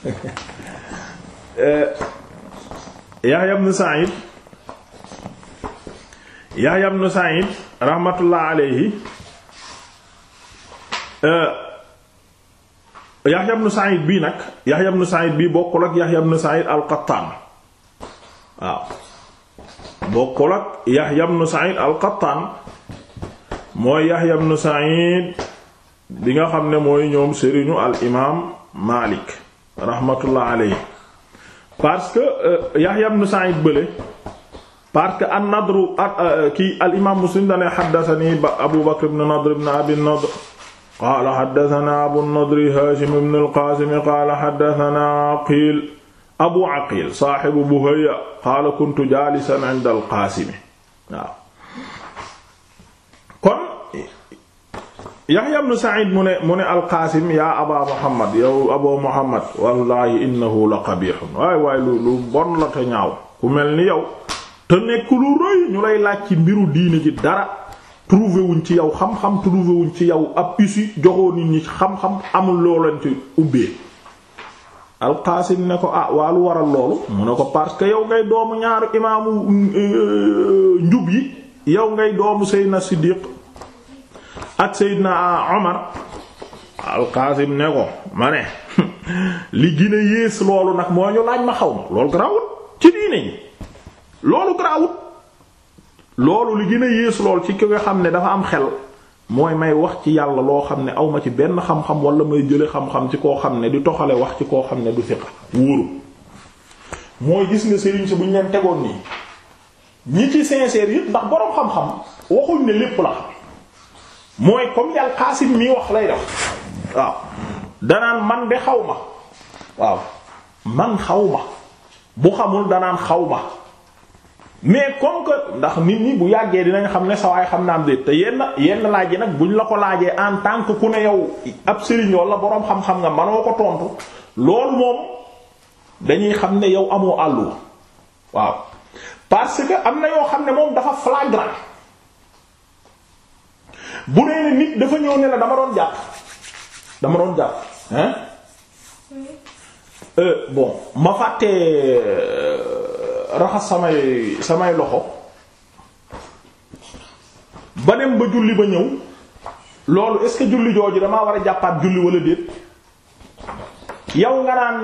*laughs* eh, Yahya ibn Sa'id Yahya ibn Sa'id rahmatullahi alayhi Euh, Yahya ibn Sa'id bii nag Yahya ibn Sa'id bii bokkul ak Yahya ibn Sa'id al-Qattan waaw bokkul ak Yahya ibn Sa'id al-Qattan mooy Yahya ibn Sa'id bi nga xam ne mooy ñoom sëriñu al imaam Malik rahmatullah alayhi parce que euh, Yahya ibn Sa'id bële parce que an-Nadr euh, kii al imaam Muslim dane haddathani Abu Bakr ibn Nadr ibn Abi Nadr qaala xaddatana abu nadri haashim ibn alqaasimi qaala xaddatana aqiil abu aqiil saaxibu buhayya qaala kuntu jaalisan inda alqaasimi waaw kon yaxya ibn saciid mu ne mu ne alqaasim yaa aba muhammad yow abu muhammad wallaahi innahu la qabiixun waay waay lu lu bon la te ñaaw ku mel ni yow te nekk lu rëy ñu lay laaj ci mbiru diine ji dara trouvé wuñ ci yow xam-xam trouvé wuñ ci yow ab issue joxoo nit ñi xam-xam amul loo leen ci ubbee alqaasim ne ko ah waa lu waral loolu mu ne ko parce que yow ngay doomu ñaaru imaamu euh, njub yi yow ngay doomu Seydina Siddiq ak Seydina Omar alqaasim ne ko ma ne *laughs* li gën a yées loolu nag moo ñu laaj ma xaw ma loolu garaawut ci diine ñi loolu garaawut loolu li gën a yéesu lool ci ki xam ne dafa am xel mooy may wax ci yàlla loo xam ne awma ci benn xam-xam wala may jële xam-xam ci koo xam ne di toxale wax ci koo xam ne du fiqa wóoru mooy gis nga sëriñ si bu ñu leen tegoon nii ñi ci sincère yëpp ndax boroom xam-xam waxuñ ne lépp la mooy comme yàlla xaasim mi wax lay def waaw danaan man de xaw ma waaw man xaw ma bu xamul danaan xaw ma mais comme que ndax nit ñi bu yàggee dinañ xam ne sawaay xam naa am déet te yenn yenn laaj yi nag buñ la ko laajee en tant que ku ne yow ab sëriñ walla boroom xam-xam nga manoo ko tontu loolu moom dañuy xam ne yow amoo àllu waaw parce que am na yoo xam ne moom dafa flagrant bu nee ne nit dafa ñëw ne la dama doon jàpp dama doon jàpp hein euh, bon ma fàttee euh, raxas samay samay loxo ba dem ba julli ba ñëw loolu est julli jooju damaa war a jàppaat julli walla déet yow nga naan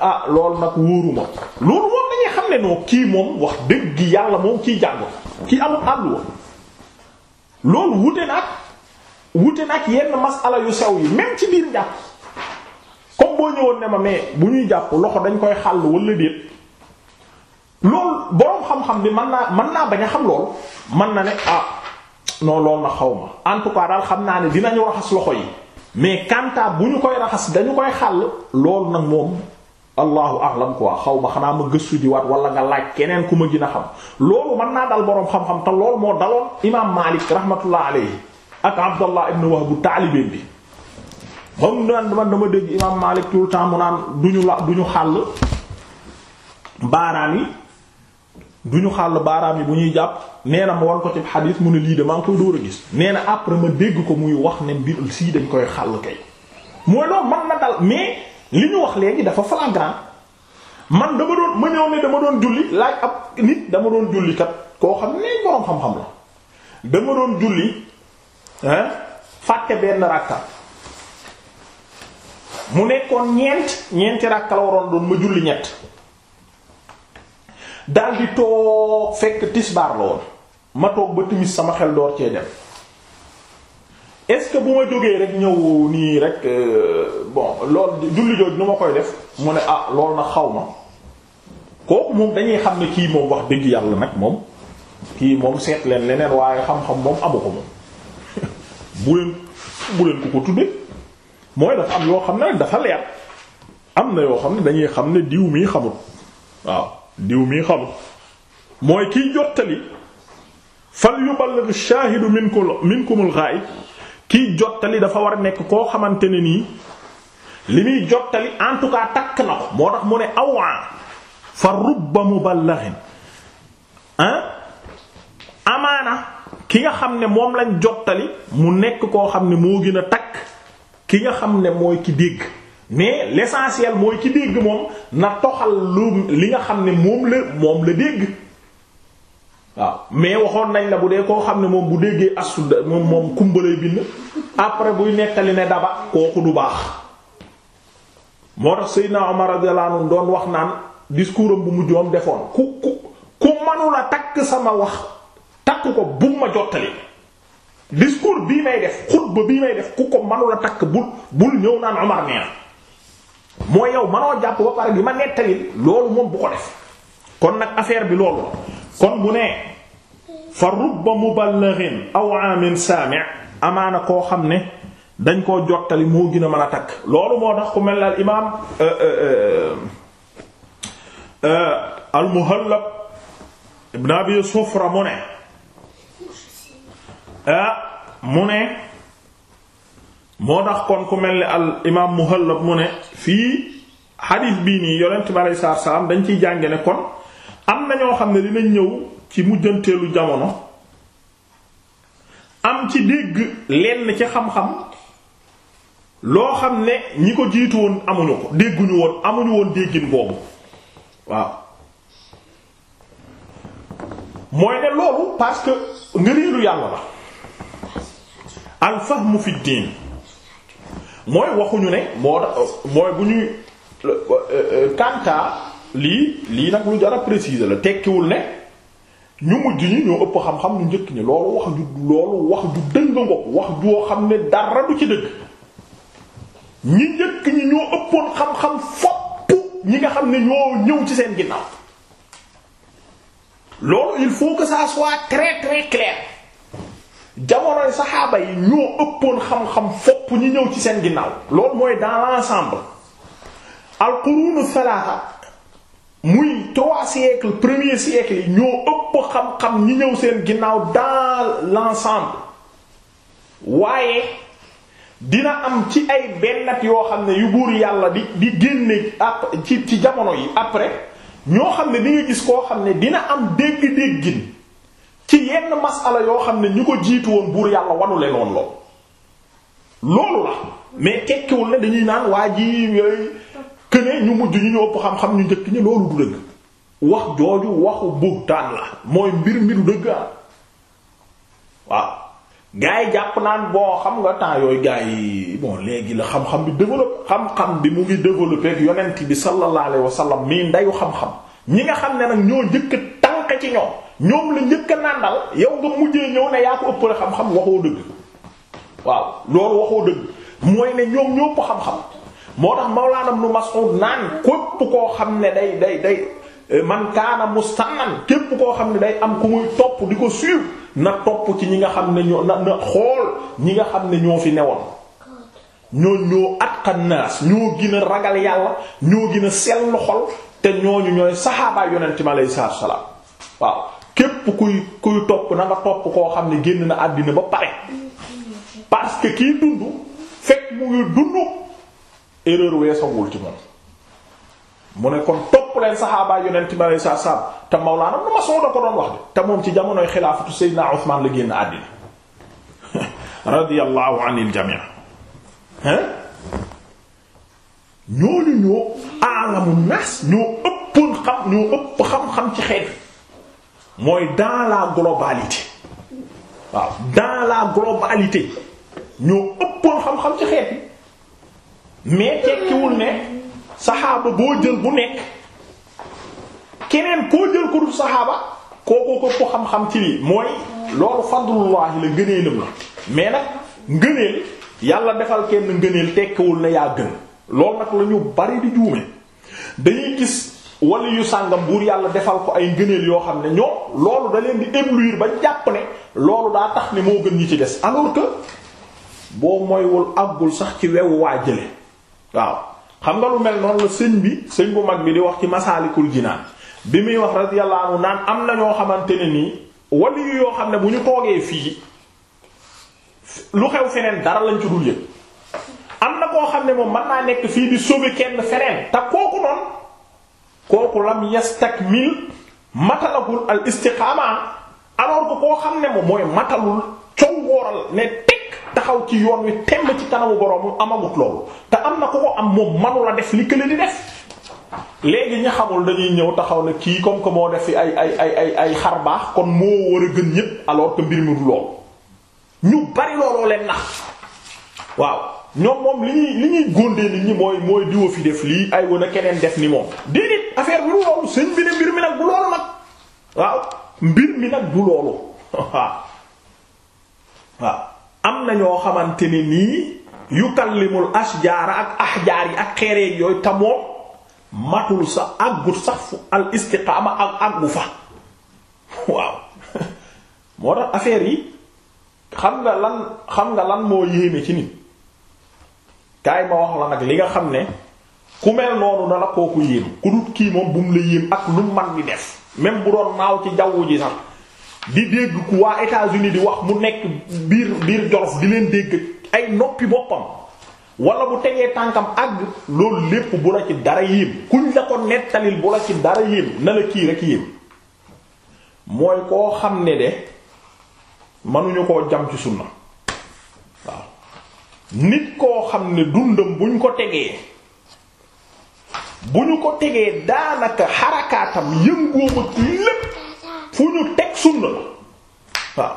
ah loolu nag wóoruma loolu moom dañuy xam ne noo kii moom wax dëgg yàlla moom kii jàng kii amul àlluwa loolu wute nag wute nag yenn masala yu sew yi même ci biir njàpp comme boo ñëwoon ne ma mais bu ñuy jàpp loxo dañ koy xàll wala déet loolu boroom xam-xam bi man naa mën naa bañ a xam lool mën na ne ah noo loolu na xaw ma en tout cas daal xam naa ne dinañu raxas loxo yi mais kanta bu ñu koy raxas dañu koy xàll loolu nag moom allahu a'lam quoi xaw ma xanaa ma gëstu ji waat wala nga laaj keneen ku ma gën a xam loolu mën naa dal boroom xam-xam te loolu moo daloon imaam Maalik rahmatullah alayhi ak Abdallah ibn Wahb bi bi xam naan man dama dégg imaam Maalik tout le temps mu naan duñu la duñu xàll baaraan yi du ñu xàll baaraam yi bu ñuy jàpp nee na ma wan ko ci xadiis mu ne lii de maa koy dóor a gis nee na après ma dégg ko muy wax ne mbir sii dañ koy xàll kay mooy loolu man na dal mais li ñu wax léegi dafa flagrant man dama doon ma ne dama doon julli laaj ab nit dama doon julli kat koo xam ne boroom xam-xam la dama doon julli hein fàtte benn ràkka mu nekkoon ñeent ñeenti ràkka la waroon doon ma julli ñett daal di toog fekk tisbaar la woon ma toog ba timis sama xel door cee dem est-ce que bu ma jógee rek ñëw nii rek euh, bon di julli jooj nu ma koy def mu ne ah lool nag xaw ma kooku moom dañuy xam ne kii moom wax dëgg yàlla nag moom kii moom seet leen leneen waaye xam-xam moom amu ko moom *laughs* bu leen bu leen ko ko tuddee mooy dafa am yoo xam ne dafa leer am na yoo xam ne dañuy xam ne diw mii xamut waaw diw mii xamul mooy kiy jottali fal yuballigh ash-shaahidu minkum minkumul ghaa'ib kiy jottali dafa war a nekk koo xamante ne nii li muy jottali en tout cas takk na ko moo tax mu ne awaan fa rubba muballighin ah amaana ki nga xam ne moom lañ jottali mu nekk koo xam ne moo gën a takk ki nga xam ne mooy ki dégg mais l'essentiel mooy ki dégg moom na toxal lu li nga xam ne moom la moom la dégg waaw mais waxoon nañ la bu dee koo xam ne moom bu déggee astu moom moom kumbalay bind après buy nettali ne daba kooku du baax moo tax Seydina Omar radiyallahu doon wax naan discours am bu mu defoon ku ku ku takk sama wax takk ko bu ma jottali discours bii may def xutba bii may def ku ko manula takk bul bul ñëw naan Omar nee mooy yow manoo jàpp ba pare li ma nettali loolu moom bu ko def kon nag affaire bi loolu la kon mu ne fa rubba muballighin aw amin saami' amaana koo xam ne dañ koo jottali moo gën a mën a takk loolu moo tax ku mel al imaam euh, euh, euh, al muhallab ibn abi sufra mu ne ah, mu ne moo tax kon ku mel ni al imaam Muhallab mu ne fii xadiis bii nii yonent bi aleyhi salaatu dañ ciy jànge ne kon am na ñoo xam ne dinañ ñëw ci mujjanteelu jamono am ci dégg lenn ci xam-xam loo xam ne ñi ko jiitu woon amuñu ko dégguñu woon amuñu woon déggin boobu waaw mooy ne loolu parce que ngëneelu yàlla la al fahmu mooy waxuñu ne moo mooy bu ñuy euh, euh, kanta lii lii nag lu jara préciser la tekkiwul ne ñu mujj ñi ñoo ëpp xam-xam ñu njëkk ñi loolu wax ju loolu wax ju dëng ngo wax joo xam ne dara du ci dëgg ñi njëkk ñi ñoo ëppoon xam-xam fopp ñi nga xam ne ñoo ñëw ci seen ginnaaw loolu il faut que ça soit très très clair jamonoy saxaaba yi ñoo ëppoon xam-xam fopp ñi ñëw ci seen ginnaaw loolu mooy dans l'ensemble al qurunu salaata muy trois siècles premier siècle yi ñoo ëpp xam-xam ñi ñëw seen ginnaaw dans l'ensemble waaye dina am ci ay bennat yoo xam ne yu buur yàlla di di génne ci ci jamono yi après ñoo xam ne di nga gis koo xam ne dina am dégg-déggin ci yenn masala yoo xam ne ñu ko jiitu woon buur yàlla wanu leen lool loolu la mais tekkiwul ne dañuy naan waa ji yooyu ñu mujj ñu ñu ëpp xam-xam ñu njëkk ñi loolu du dëgg wax jooju waxu buhtaan la mooy mbir mbiru dëgg ah. waaw gars yi jàpp naan boo xam nga temps yooyu gars yi bon léegi la xam-xam bi développe xam-xam bi mu ngi développé ak yonent bi sallallahu alayhi wa sallam mii ndeyu xam-xam ñi nga xam ne nag ñoo njëkk tànk ci ñoom. ñoom la njëkk a nàndal yow nga mujjee ñëw ne yaa ko ëppale xam-xam waxoo dëgg waaw loolu waxoo dëgg mooy ne ñoom ñoo ko xam-xam moo tax Mawlana Ibn Mas'ud naan képp koo xam ne day day day eh, man kaana mustannan képp koo xam ne day am ku muy topp di ko suivre na topp ci ñi nga xam ne ñoo na na xool ñi nga xam ne ñoo fi newoon ñoo ñoo atqa naas ñoo gën a ragal yàlla ñoo gën a sell xol te ñooñu ñooy saxaabaa yonent mi alayhi salaam waaw képp kuy kuy topp na nga topp koo xam ne génn na àddina ba pare parce que kii dund fekk mu ngi dund erreur weesawul ci moom mu ne kon topp leen saxaabaa yonent bi aleyhi salaatu salaam te Mawlaana Ibn Mas'ud da ko doon wax de te moom ci jamonoy xilaafatu Seydina Usmaan la génn àddina *laughs* radiyallahu anil jamii hein ñooñu ñoo aalamu naas ñoo ëppoon xam ñoo ëpp xam-xam ci xeet mooy dans la globalité waaw dans la globalité ñoo ëppoon xam-xam ci xeet yi mais tekkiwul ne saxaaba boo jël bu nekk keneen koo jël ko dul saxaaba kooku ko ko xam-xam ci lii mooy loolu fadlullahi la ngëneelam la mais nag ngëneel yàlla defal kenn ngëneel tekkiwul ne yaa gën loolu nag la ñu bari di juume dañuy gis wala yu sàngam buur yàlla defal ko ay ngëneel yoo xam ne ñoom loolu da leen di éblouir ba jàpp ne loolu daa tax ne moo gën ñi ci des alors que boo moywul àggul sax ci wewu waa jële waaw xam nga lu mel noonu la sëñ bi sëñ bu mag bi di wax ci masaalikul jinaan bi muy wax radiyallahu anhu naan am na ñoo xamante ne nii wala yu yoo xam ne bu ñu toogee fii lu xew feneen dara lañ ci dul yëg am na koo xam ne moom mën naa nekk fii di sauver kenn feneen te kooku kooku lam yastakmil matalagul al istiqaama alors que koo xam ne moom mooy matalul congooral ne teg taxaw ci yoon wi temb ci kanamu boroomu amagut loolu te am na ku ko am moom manula def li kële di def léegi ñi xamul dañuy ñëw taxaw na kii comme que moo def fi ay ay ay ay ay xar baax kon moo war a gën ñépp alors que mbir mi du ñu bari looloo leen nax waaw ñoom moom li ñuy li ñuy góndee nit ñi mooy mooy diwa fi def lii ay wan a keneen def ni moom déedéet affaire bi loolu sëñ bi ne mbir mi nag du loolu nag waaw mbir mi nag du loolu *laughs* waaw am na ñoo xamante ni nii yukallimul ashjaara ak ahjaar yi ak xeereeg yooyu tamoo moom matul sa àggut sax fu al istiqaama ak àggu fa *laughs* waaw *laughs* moo tax affaire yi xam nga lan xam nga lan moo yéeme ci nit kaay ma wax la nag li nga xam ne ku mel noonu na la kooku yéem ku dut kii moom bu mu la yéem ak lu man di def même bu doon naaw ci jaww ji sax di dégg ku waa États-Unis di wax mu nekk biir biir jolof di leen dégg ay noppi boppam wala bu tegee tànkam àgg loolu lépp bu la ci dara yéem kuñ la ko nettalil bu la ci dara yéem na la kii rek yéem mooy koo xam ne de mënuñu koo jam ci sunna waaw nit koo xam ne dundam buñ ko tegee bu ñu ko tegee daanaka xarakaatam yëngoom ak lépp fu ñu teg sunna la waaw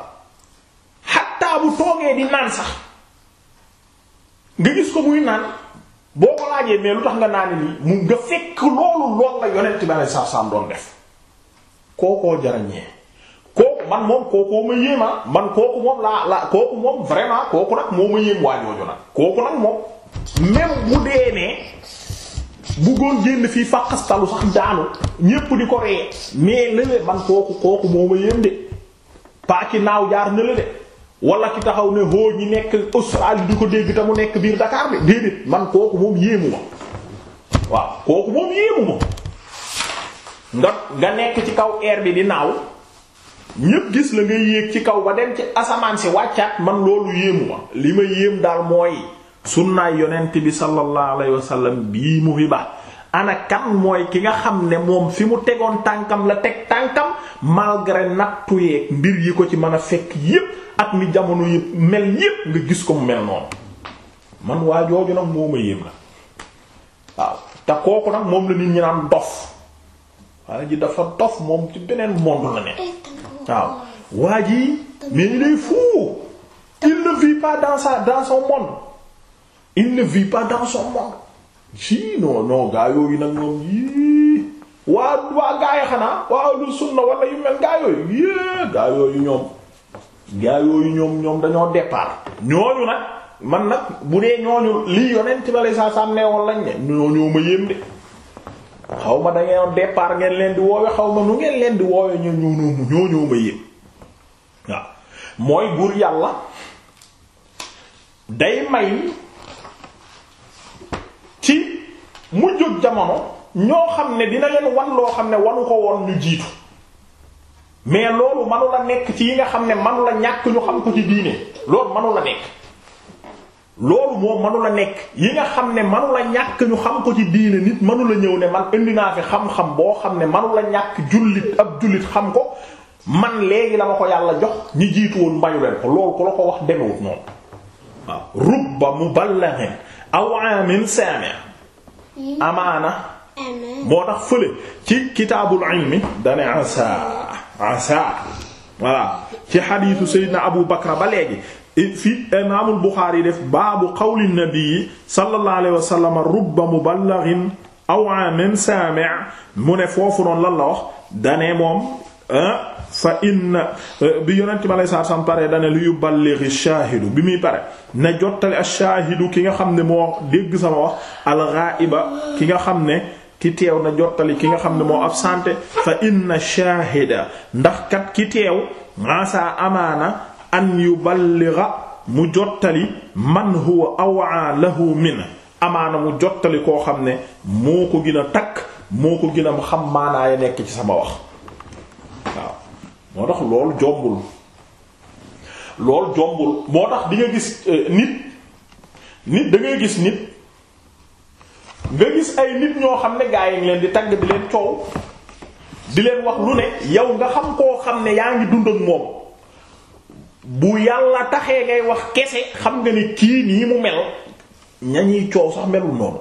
xattaa bu toogee di naan sax nga gis ko muy naan boo ko laajee mais lu tax nga naan nii mu nga fekk loolu lool la yonent bi sallallahu alayhi wasallam doon def kookoo jarañee man moom kooku ma yéem man kooku moom laa laa kooku moom vraiment kooku nag moo ma yéem waa jooju nag kooku nag moom même bu dee nee buggoon génn fii fàqastalu sax daanu ñépp di ko ree mais lële man kooku kooku ma yéem de paa ci naaw jaar na la de wala ci taxaw ne hoo ñi nekk Australie di ko dégg te mu nekk biir Dakar de déedéet man kooku moom yéemu ma waaw kooku moom yéemu ma nga nekk ci kaw air bi di naaw ñépp gis la ngay yéeg ci kaw ba dem ci asamaan si wàccaat man loolu yéemu ma li ma yéem daal mooy sunnaay yonent bi sallallahu alayhi wa bii mu fi ba ana mooy ki nga xam ne moom fi mu tegoon tànkam la teg tànkam malgré nattu mbir yi ko ci mën a fekk yépp ak ni jamono yépp mel yépp nga gis ko mu mel noonu man waa jooju nag moo ma yéem la waaw te kooku nag moom la nit ñi naan dof waa ji dafa dof moom ci beneen monde la ne waaw waa ji mais il est fou il ne vit pas dans sa dans il ne vit pas dans son monde si non non nag moom yii waa waa gaa xanaa waa lu sunna wala yu mel gaa yooyu yée gaa yooyu ñoom gaa yooyu ñoom ñoom dañoo départ ñooñu nag man nag bu dee ñooñu lii yonent bi sallallahu alayhi lañ ne ñooñu ma yéem de xaw ma da ngeen ngeen leen di woowe xaw ma nu ngeen leen di woowe ñoo ñoo ñoo ñoo ma yépp waaw mooy buur yàlla day may ci mu mujjug jamono ñoo xam ne dina leen wan loo xam ne wanu ko woon ñu jiitu mais loolu manu la nekk ci yi nga xam ne manu la ñàkk ñu xam ko ci diine loolu manu la nekk. loolu moom manu nekk yi nga xam ne manu la ñàkk ñu xam ko ci diine nit manu la ñëw ne man indi naa fi xam-xam boo xam ne manu la ñàkk jullit ak jullit xam ko man léegi la ma ko yàlla jox ñi jiitu woon mayu leen ko loolu ku la ko wax demewut noonu waaw rubba muballighin aw amin sami amaana moo tax fële ci kitaabul ilmi dane asa asa voilà ci xadiisu Seydina Abu Bakra ba léegi fi imaamul Buxaari yi def baabu qawli nabii sallallahu alayhi wa sallam rubba muballighin aw aamin saami' mu ne foofu noonu lal la wax dane moom ah, fa inna eh, bi yonent bi alay saa saam pare dane lu yuballighi shaahidu bi muy pare na jottali ashaahidu ki nga xam ne moo dégg sama wax alxaa'iba ki nga xam ne ki teew na jottali ki nga xam ne moo absenté fa inna shaahida ndax kat ki teew maasaa amaana an yuballigha mu jottali man huwa awaa lahu min amaana mu jottali koo xam ne moo ko gën takk moo ko gën xam maanaaya nekk ci sama wax waaw moo tax loolu jombul loolu jombul moo tax di gis eh, nit nit da gis nit nga gis ay nit ñoo xam ne gaa leen di tagg di leen coow di leen wax lu ne yow nga xam koo xam ne yaa ngi dund ak moom bu yàlla taxee ngay wax kese xam nga ne kii nii mu mel ñañuy coow sax melul noonu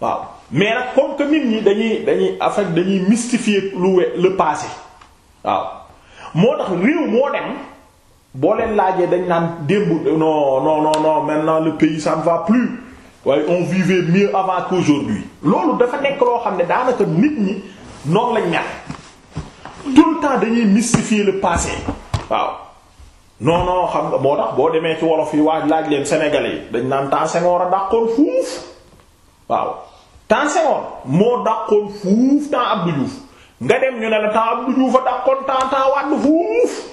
waaw mais nag comme que nit ñi dañuy dañuy en dañuy mystifier lu le passé waaw moo tax réew moo dem boo leen laajee dañ naan démb non noo noo non maintenant le pays ça ne va plus waaye on vivait mieux avant qu'aujourd'hui loolu dafa nekk loo xam ne daanaka nit ñi noonu lañ mel tout le temps dañuy mystifier le passé waaw. non non xam nga moo tax boo demee ci wolof yi waaj laaj leen sénégalais yi dañ naan temps Senghor a dàqoon fuuf waaw temps Senghor moo dàqoon fuuf temps Abdou Diouf nga dem ñu ne la temps Abdou Diouf a dàqoon temps temps Wade fuuf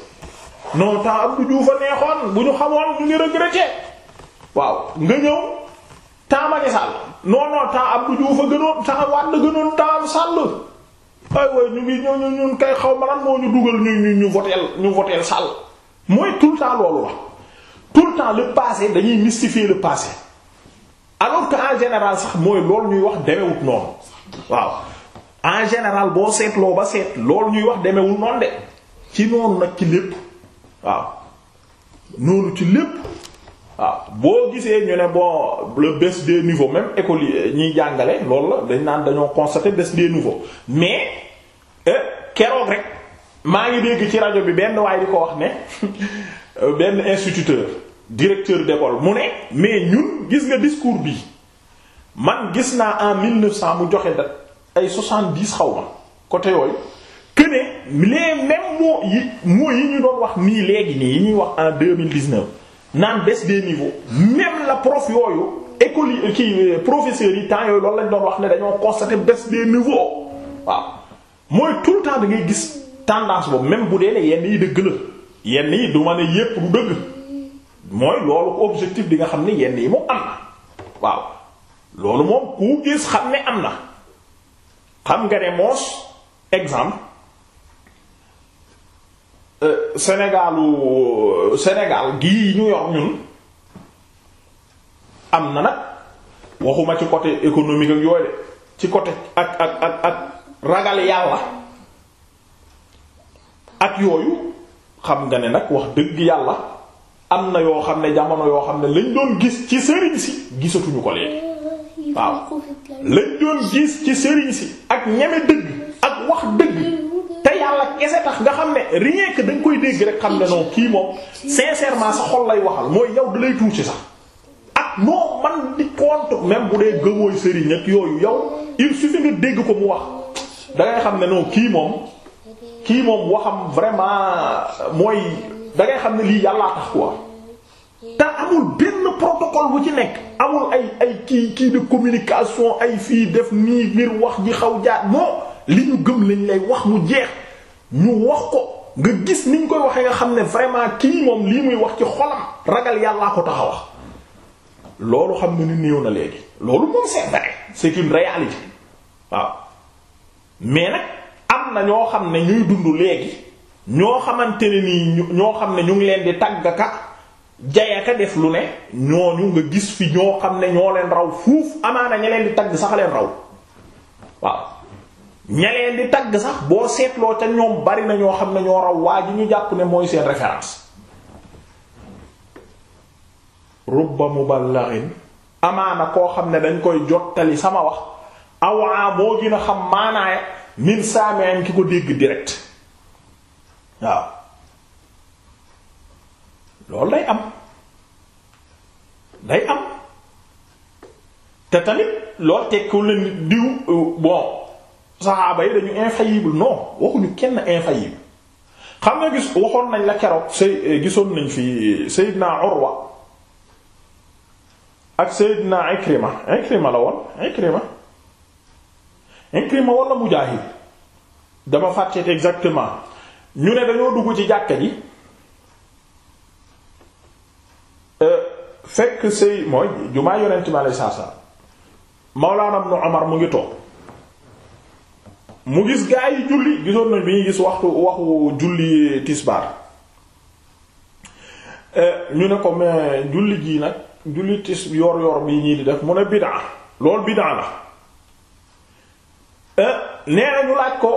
non temps Abdou a neexoon bu ñu xamoon ñu ngi regretté waaw nga ñëw a gënoon temps Wade gënoon temps Sall ay way ñu ngi ñoo ñun kay xaw ma lan moo ñu dugal ñu ñu ñu votel ñu votel Sall mooy tout le temps loolu la tout le temps le passé dañuy mystifier le passé alors que en général sax mooy loolu ñuy wax demewut noonu waaw en général boo seetloo ba seet loolu ñuy wax demewul noonu de ci noonu nag ci lépp waaw noonu ci lépp waaw boo gisee ñu ne bon le baisse des niveaux même école yi ñuy jàngale loolu la dañ naan dañoo constater baisse des niveaux mais eh, keroog rek maa ngi dégg ci rajo bi benn waaye di ko wax ne *laughs* benn instituteur directeur d'école mu ne mais ñun gis nga discours bi man gis naa en cent mu joxe dat ay 70 xaw ma côté yooyu que ne les mêmes yi mots yi ñu doon wax nii léegi nii yi ñuy wax en 2019 naan baisse des niveaux même la prof yooyu école yi kii professeurs yi temps yooyu loolu lañ doon wax ne dañoo constater baisse des niveaux waaw mooy tout le temps da ngay gis. tendance boobu même bu dee ne yenn yi dëgg la yenn yi du ma ne yépp du dëgg mooy loolu objectif di nga xam ne yenn yi moom am na waaw loolu moom ku gis xam ne am na xam nga ne moos exemple euh, Sénégalu euh, Sénégal gii ñu yor ñun am na nag waxuma ci côté économique ak yooyu de ci côté ak ak ak ak ragal yàlla. ak yooyu xam nga ne nag wax dëgg yàlla am na yoo xam ne jamono yoo xam ne lañ doon gis ci sëriñ si gisatuñu ko léegi waaw lañ doon gis ci sëriñ si ak ñeme dëgg ak wax dëgg te yàlla kese tax nga xam ne rien que dañ koy dégg rek xam ne non kii moom sincèrement sa xol lay waxal mooy yow da lay tuuti sax ak noo man di compte même bu dee gëmooy sëriñ ak yooyu yow il suffit nga dégg ko mu wax dangay xam ne non kii moom kii moom waxam vraiment mooy da xam ne lii yàllaa tax quoi te amul benn protocole bu ci nekk amul ay ay kii kii de communication ay fii def nii ngir wax ji xaw jaar non li ñu gëm lañ lay wax mu jeex ñu wax ko nga gis niñ koy waxee nga xam ne vraiment kii moom lii muy wax ci xolam ragal yàllaa ko tax a wax loolu xam ne ni néew na léegi loolu moom c'est vrai c'est une waaw mais nag am na ñoo xam ne ñuy dund léegi ñoo xamante ni nii ñoo xam ne ñu ngi leen di tàggaka jayaka def lu ne ñooñu nga gis fi ñoo xam ne ñoo leen raw fuuf amaana ña leen di tagg sax leen raw waaw ña leen di tagg sax boo seetloo ca ñoom bari na ñoo xam ne ñoo raw waa ji ñu jàpp ne mooy seen référence rubba muballighin amaana koo xam ne dañ koy jottali sama wax awaa moo gën a xam maanaaya min saami'in ki ko dégg direct waaw loolu day am day am te tamit loolu tekkiwul la diw bon saxaaba yi dañu infaillible non waxuñu kenn infaillible xam nga gis waxoon nañ la keroog say gisoon nañ fi euh, naa Urwa ak Seydina Ikrima Ikrima la woon Ikrima Ikrima wala Mujaahid dama fàtte exactement ñu ne dañoo dugg ci jàkka ji euh, fekk sëy mooy jumaa yonent mi aleyhi salaatu salaam Mawlaana Ibnu mu ngi toog mu gis gaa yi julli gisoon nañ bi ñuy gis waxtu waxu julli tisbaar euh, ñu ne ko mais julli jii nag julli tis yor yor bii ñii di def mu ne bid'a lool bid'a la Euh, nee na ñu laaj ko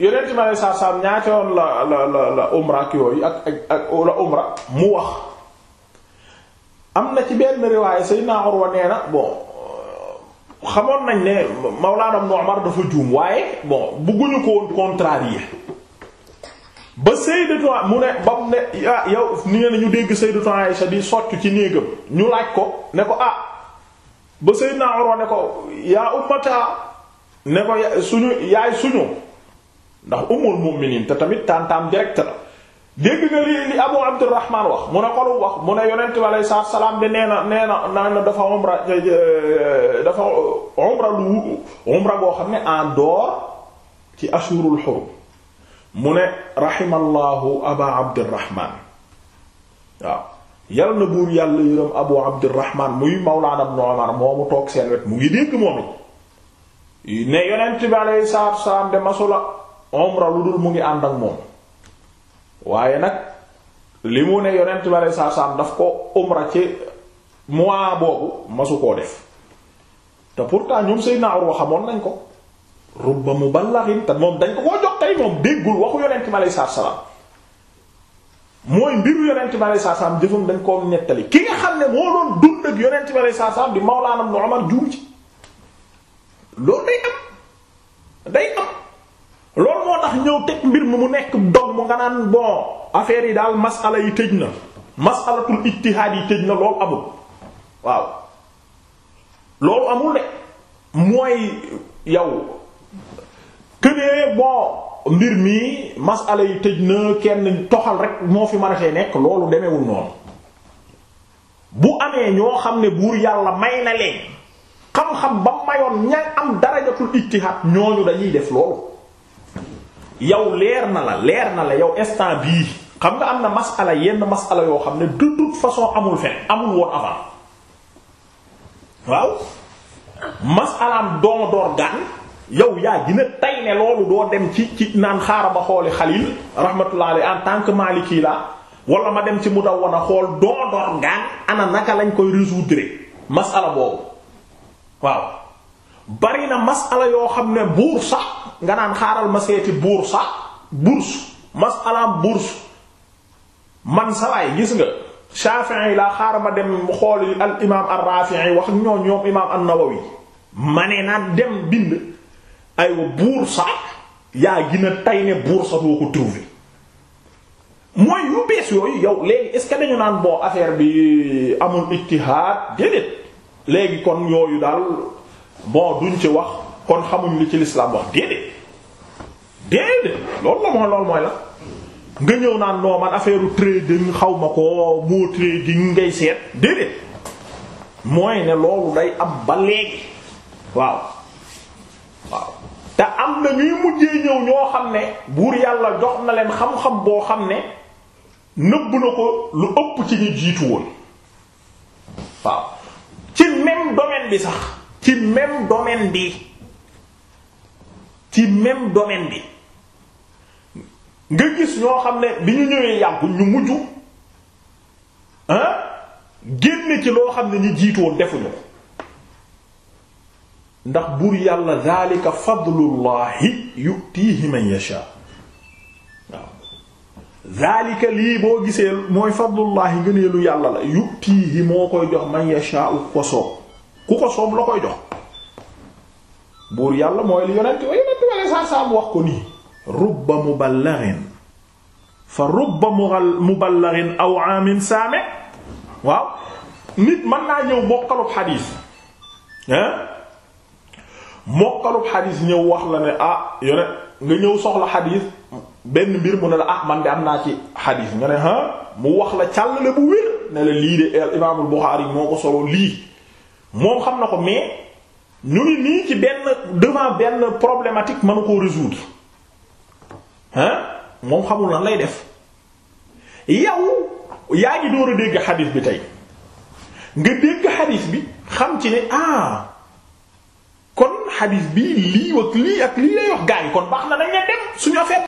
yonent mi aleyhi salaatu salaam yoon la la umra ak yooyu ak ak umra mu wax am na ci benn riwaaye Seydina Urwa nee na bon xamoon nañ ne Mawlaana Ibn Umar dafa juum waaye bon bëgguñu ko woon contrarier ba Sayyidatu mu ne ba mu ne ah yow ni ngeen ñu dégg Sayyidatu Aisha di soccu ci néegam ñu laaj ko ne ko ah ba Seydina Urwa ne ko yaa ummata ne ko yaay suñu ndax ummul mu'minin te tamit tantaam direct dégg nga li li abu abdurrahman wax mu ne ko wax mu ne yonent bi aleyhi salaatu salaam de nee na nee na naa na eh, eh, dafa umra lu umra boo xam ne en dehors ci mu ne rahimallahu aba abdurrahman waaw yàlla na buur yàlla yërëm abu abdurrahman muy mawlaana ibn umar moomu toog seen wet mu ngi dégg moom it ne yonent bi alayhi salaatu salaam de masula umra lu dul mu ngi ànd ak moom waaye nag li mu ne yonent bi alayhi salaam daf ko umra ci mois boobu masu koo def te pourtant ñoom Seydina Urwa xamoon nañ ko rubba muballighin te moom dañ ko koo jox tey moom déggul waxu yonent bi alayhi salaatu salaam mooy mbiru yonent bi alayhi salaatu salaam jëfam dañ koo nettali ki nga xam ne moo doon dund ak yonent bi alayhi salaatu salaam di Mawlaana Umar juum ci loolu day am day am loolu moo tax ñëw teg mbir mi mu nekk dog mu nga naan bon affaire yi daal masala yi tëj na masalatul ittihaad yi tëj na loolu amul waaw loolu amul de mooy yow kënee bon mbir mi masala yi tëj na kenn toxal rek moo fi marché nekk loolu demewul noonu bu amee ñoo xam ne buur yàlla may na leen xam-xam ba mayoon ña am darajatul ijtihaad ñooñu dañuy def loolu yow leer na la leer na la yow instant bii xam nga am na masala yenn masala yoo xam ne de toute façon amul fen amul woon avant waaw dooma don d'organe yow yaa gina tay ne loolu doo dem ci ci naan xaaral ma xooli xalil rahmatullah alayhi en tant que maliki la wala ma dem ci mu mudawwana xool don d'organe ana naka lañ koy résoudre masala boobu waaw bari na masala yoo xam ne buur sax nga naan xaaral ma seeti buur sax bourse buur bourse man sawaay gis nga Shafi'i laa xaaral ma dem xool al imaam ar-Rafi'i wax ñoo ñoom imaam an-Nawawi ma ne naa dem bind aywa buur sax yaa gina tay ne buur sax doo ko trouver mooy yu bees yooyu yow léegi est dañu naan bon affaire bi amul ijtihaad déedéet léegi kon yooyu daal bon duñ ci wax kon xamuñ li ci lislaam wax déedéet déedéet loolu la mooy loolu mooy la nga ñëw naan noo man affaire trading xaw ma ko moo trading ngay seet déedéet mooy ne loolu day am ba léegi waaw waaw te am na ñuy mujjee ñëw ñoo xam ne buur yàlla jox na leen xam-xam boo xam ne nëbb na ko lu ëpp ci ñu jiitu woon waaw ci même domaine bi sax ci même domaine bi ci même domaine bi nga gis ñoo xam ne bi ñu ñëwee yàggu ñu mujj ah génn ci loo xam ne ñu jiitoon defuñu ko ndax buur yàlla zalika fadlullahi yutihi man yasha zaalika lii boo gisee mooy fadlullahi ngëneelu yàlla la yutiihi moo koy jox man yashaa'u ku ko soob ku ko soob la koy jox buur yàlla mooy li yonent yonent mu wax ko nii rubba waaw nit mën naa ñëw mokkalub xadiis hein mokkalub xadiis ñëw wax la ne ah yonent nga ñëw soxla xadiis benn mbir mu ne la ah man de am naa ci xadiis nga ne ah mu wax la càllale bu wér ne la lii de imaamul Buxaari moo ko solo lii moom xam na ko mais ñu ngi nii ci benn devant benn problématique mënu koo résoudre ah moom xamul lay def yow a bi tey bi xam ci ne ah, kon xadiis bi lii ak lii ak lii lay wax gaa kon baax na dañ ne dem suñu affaire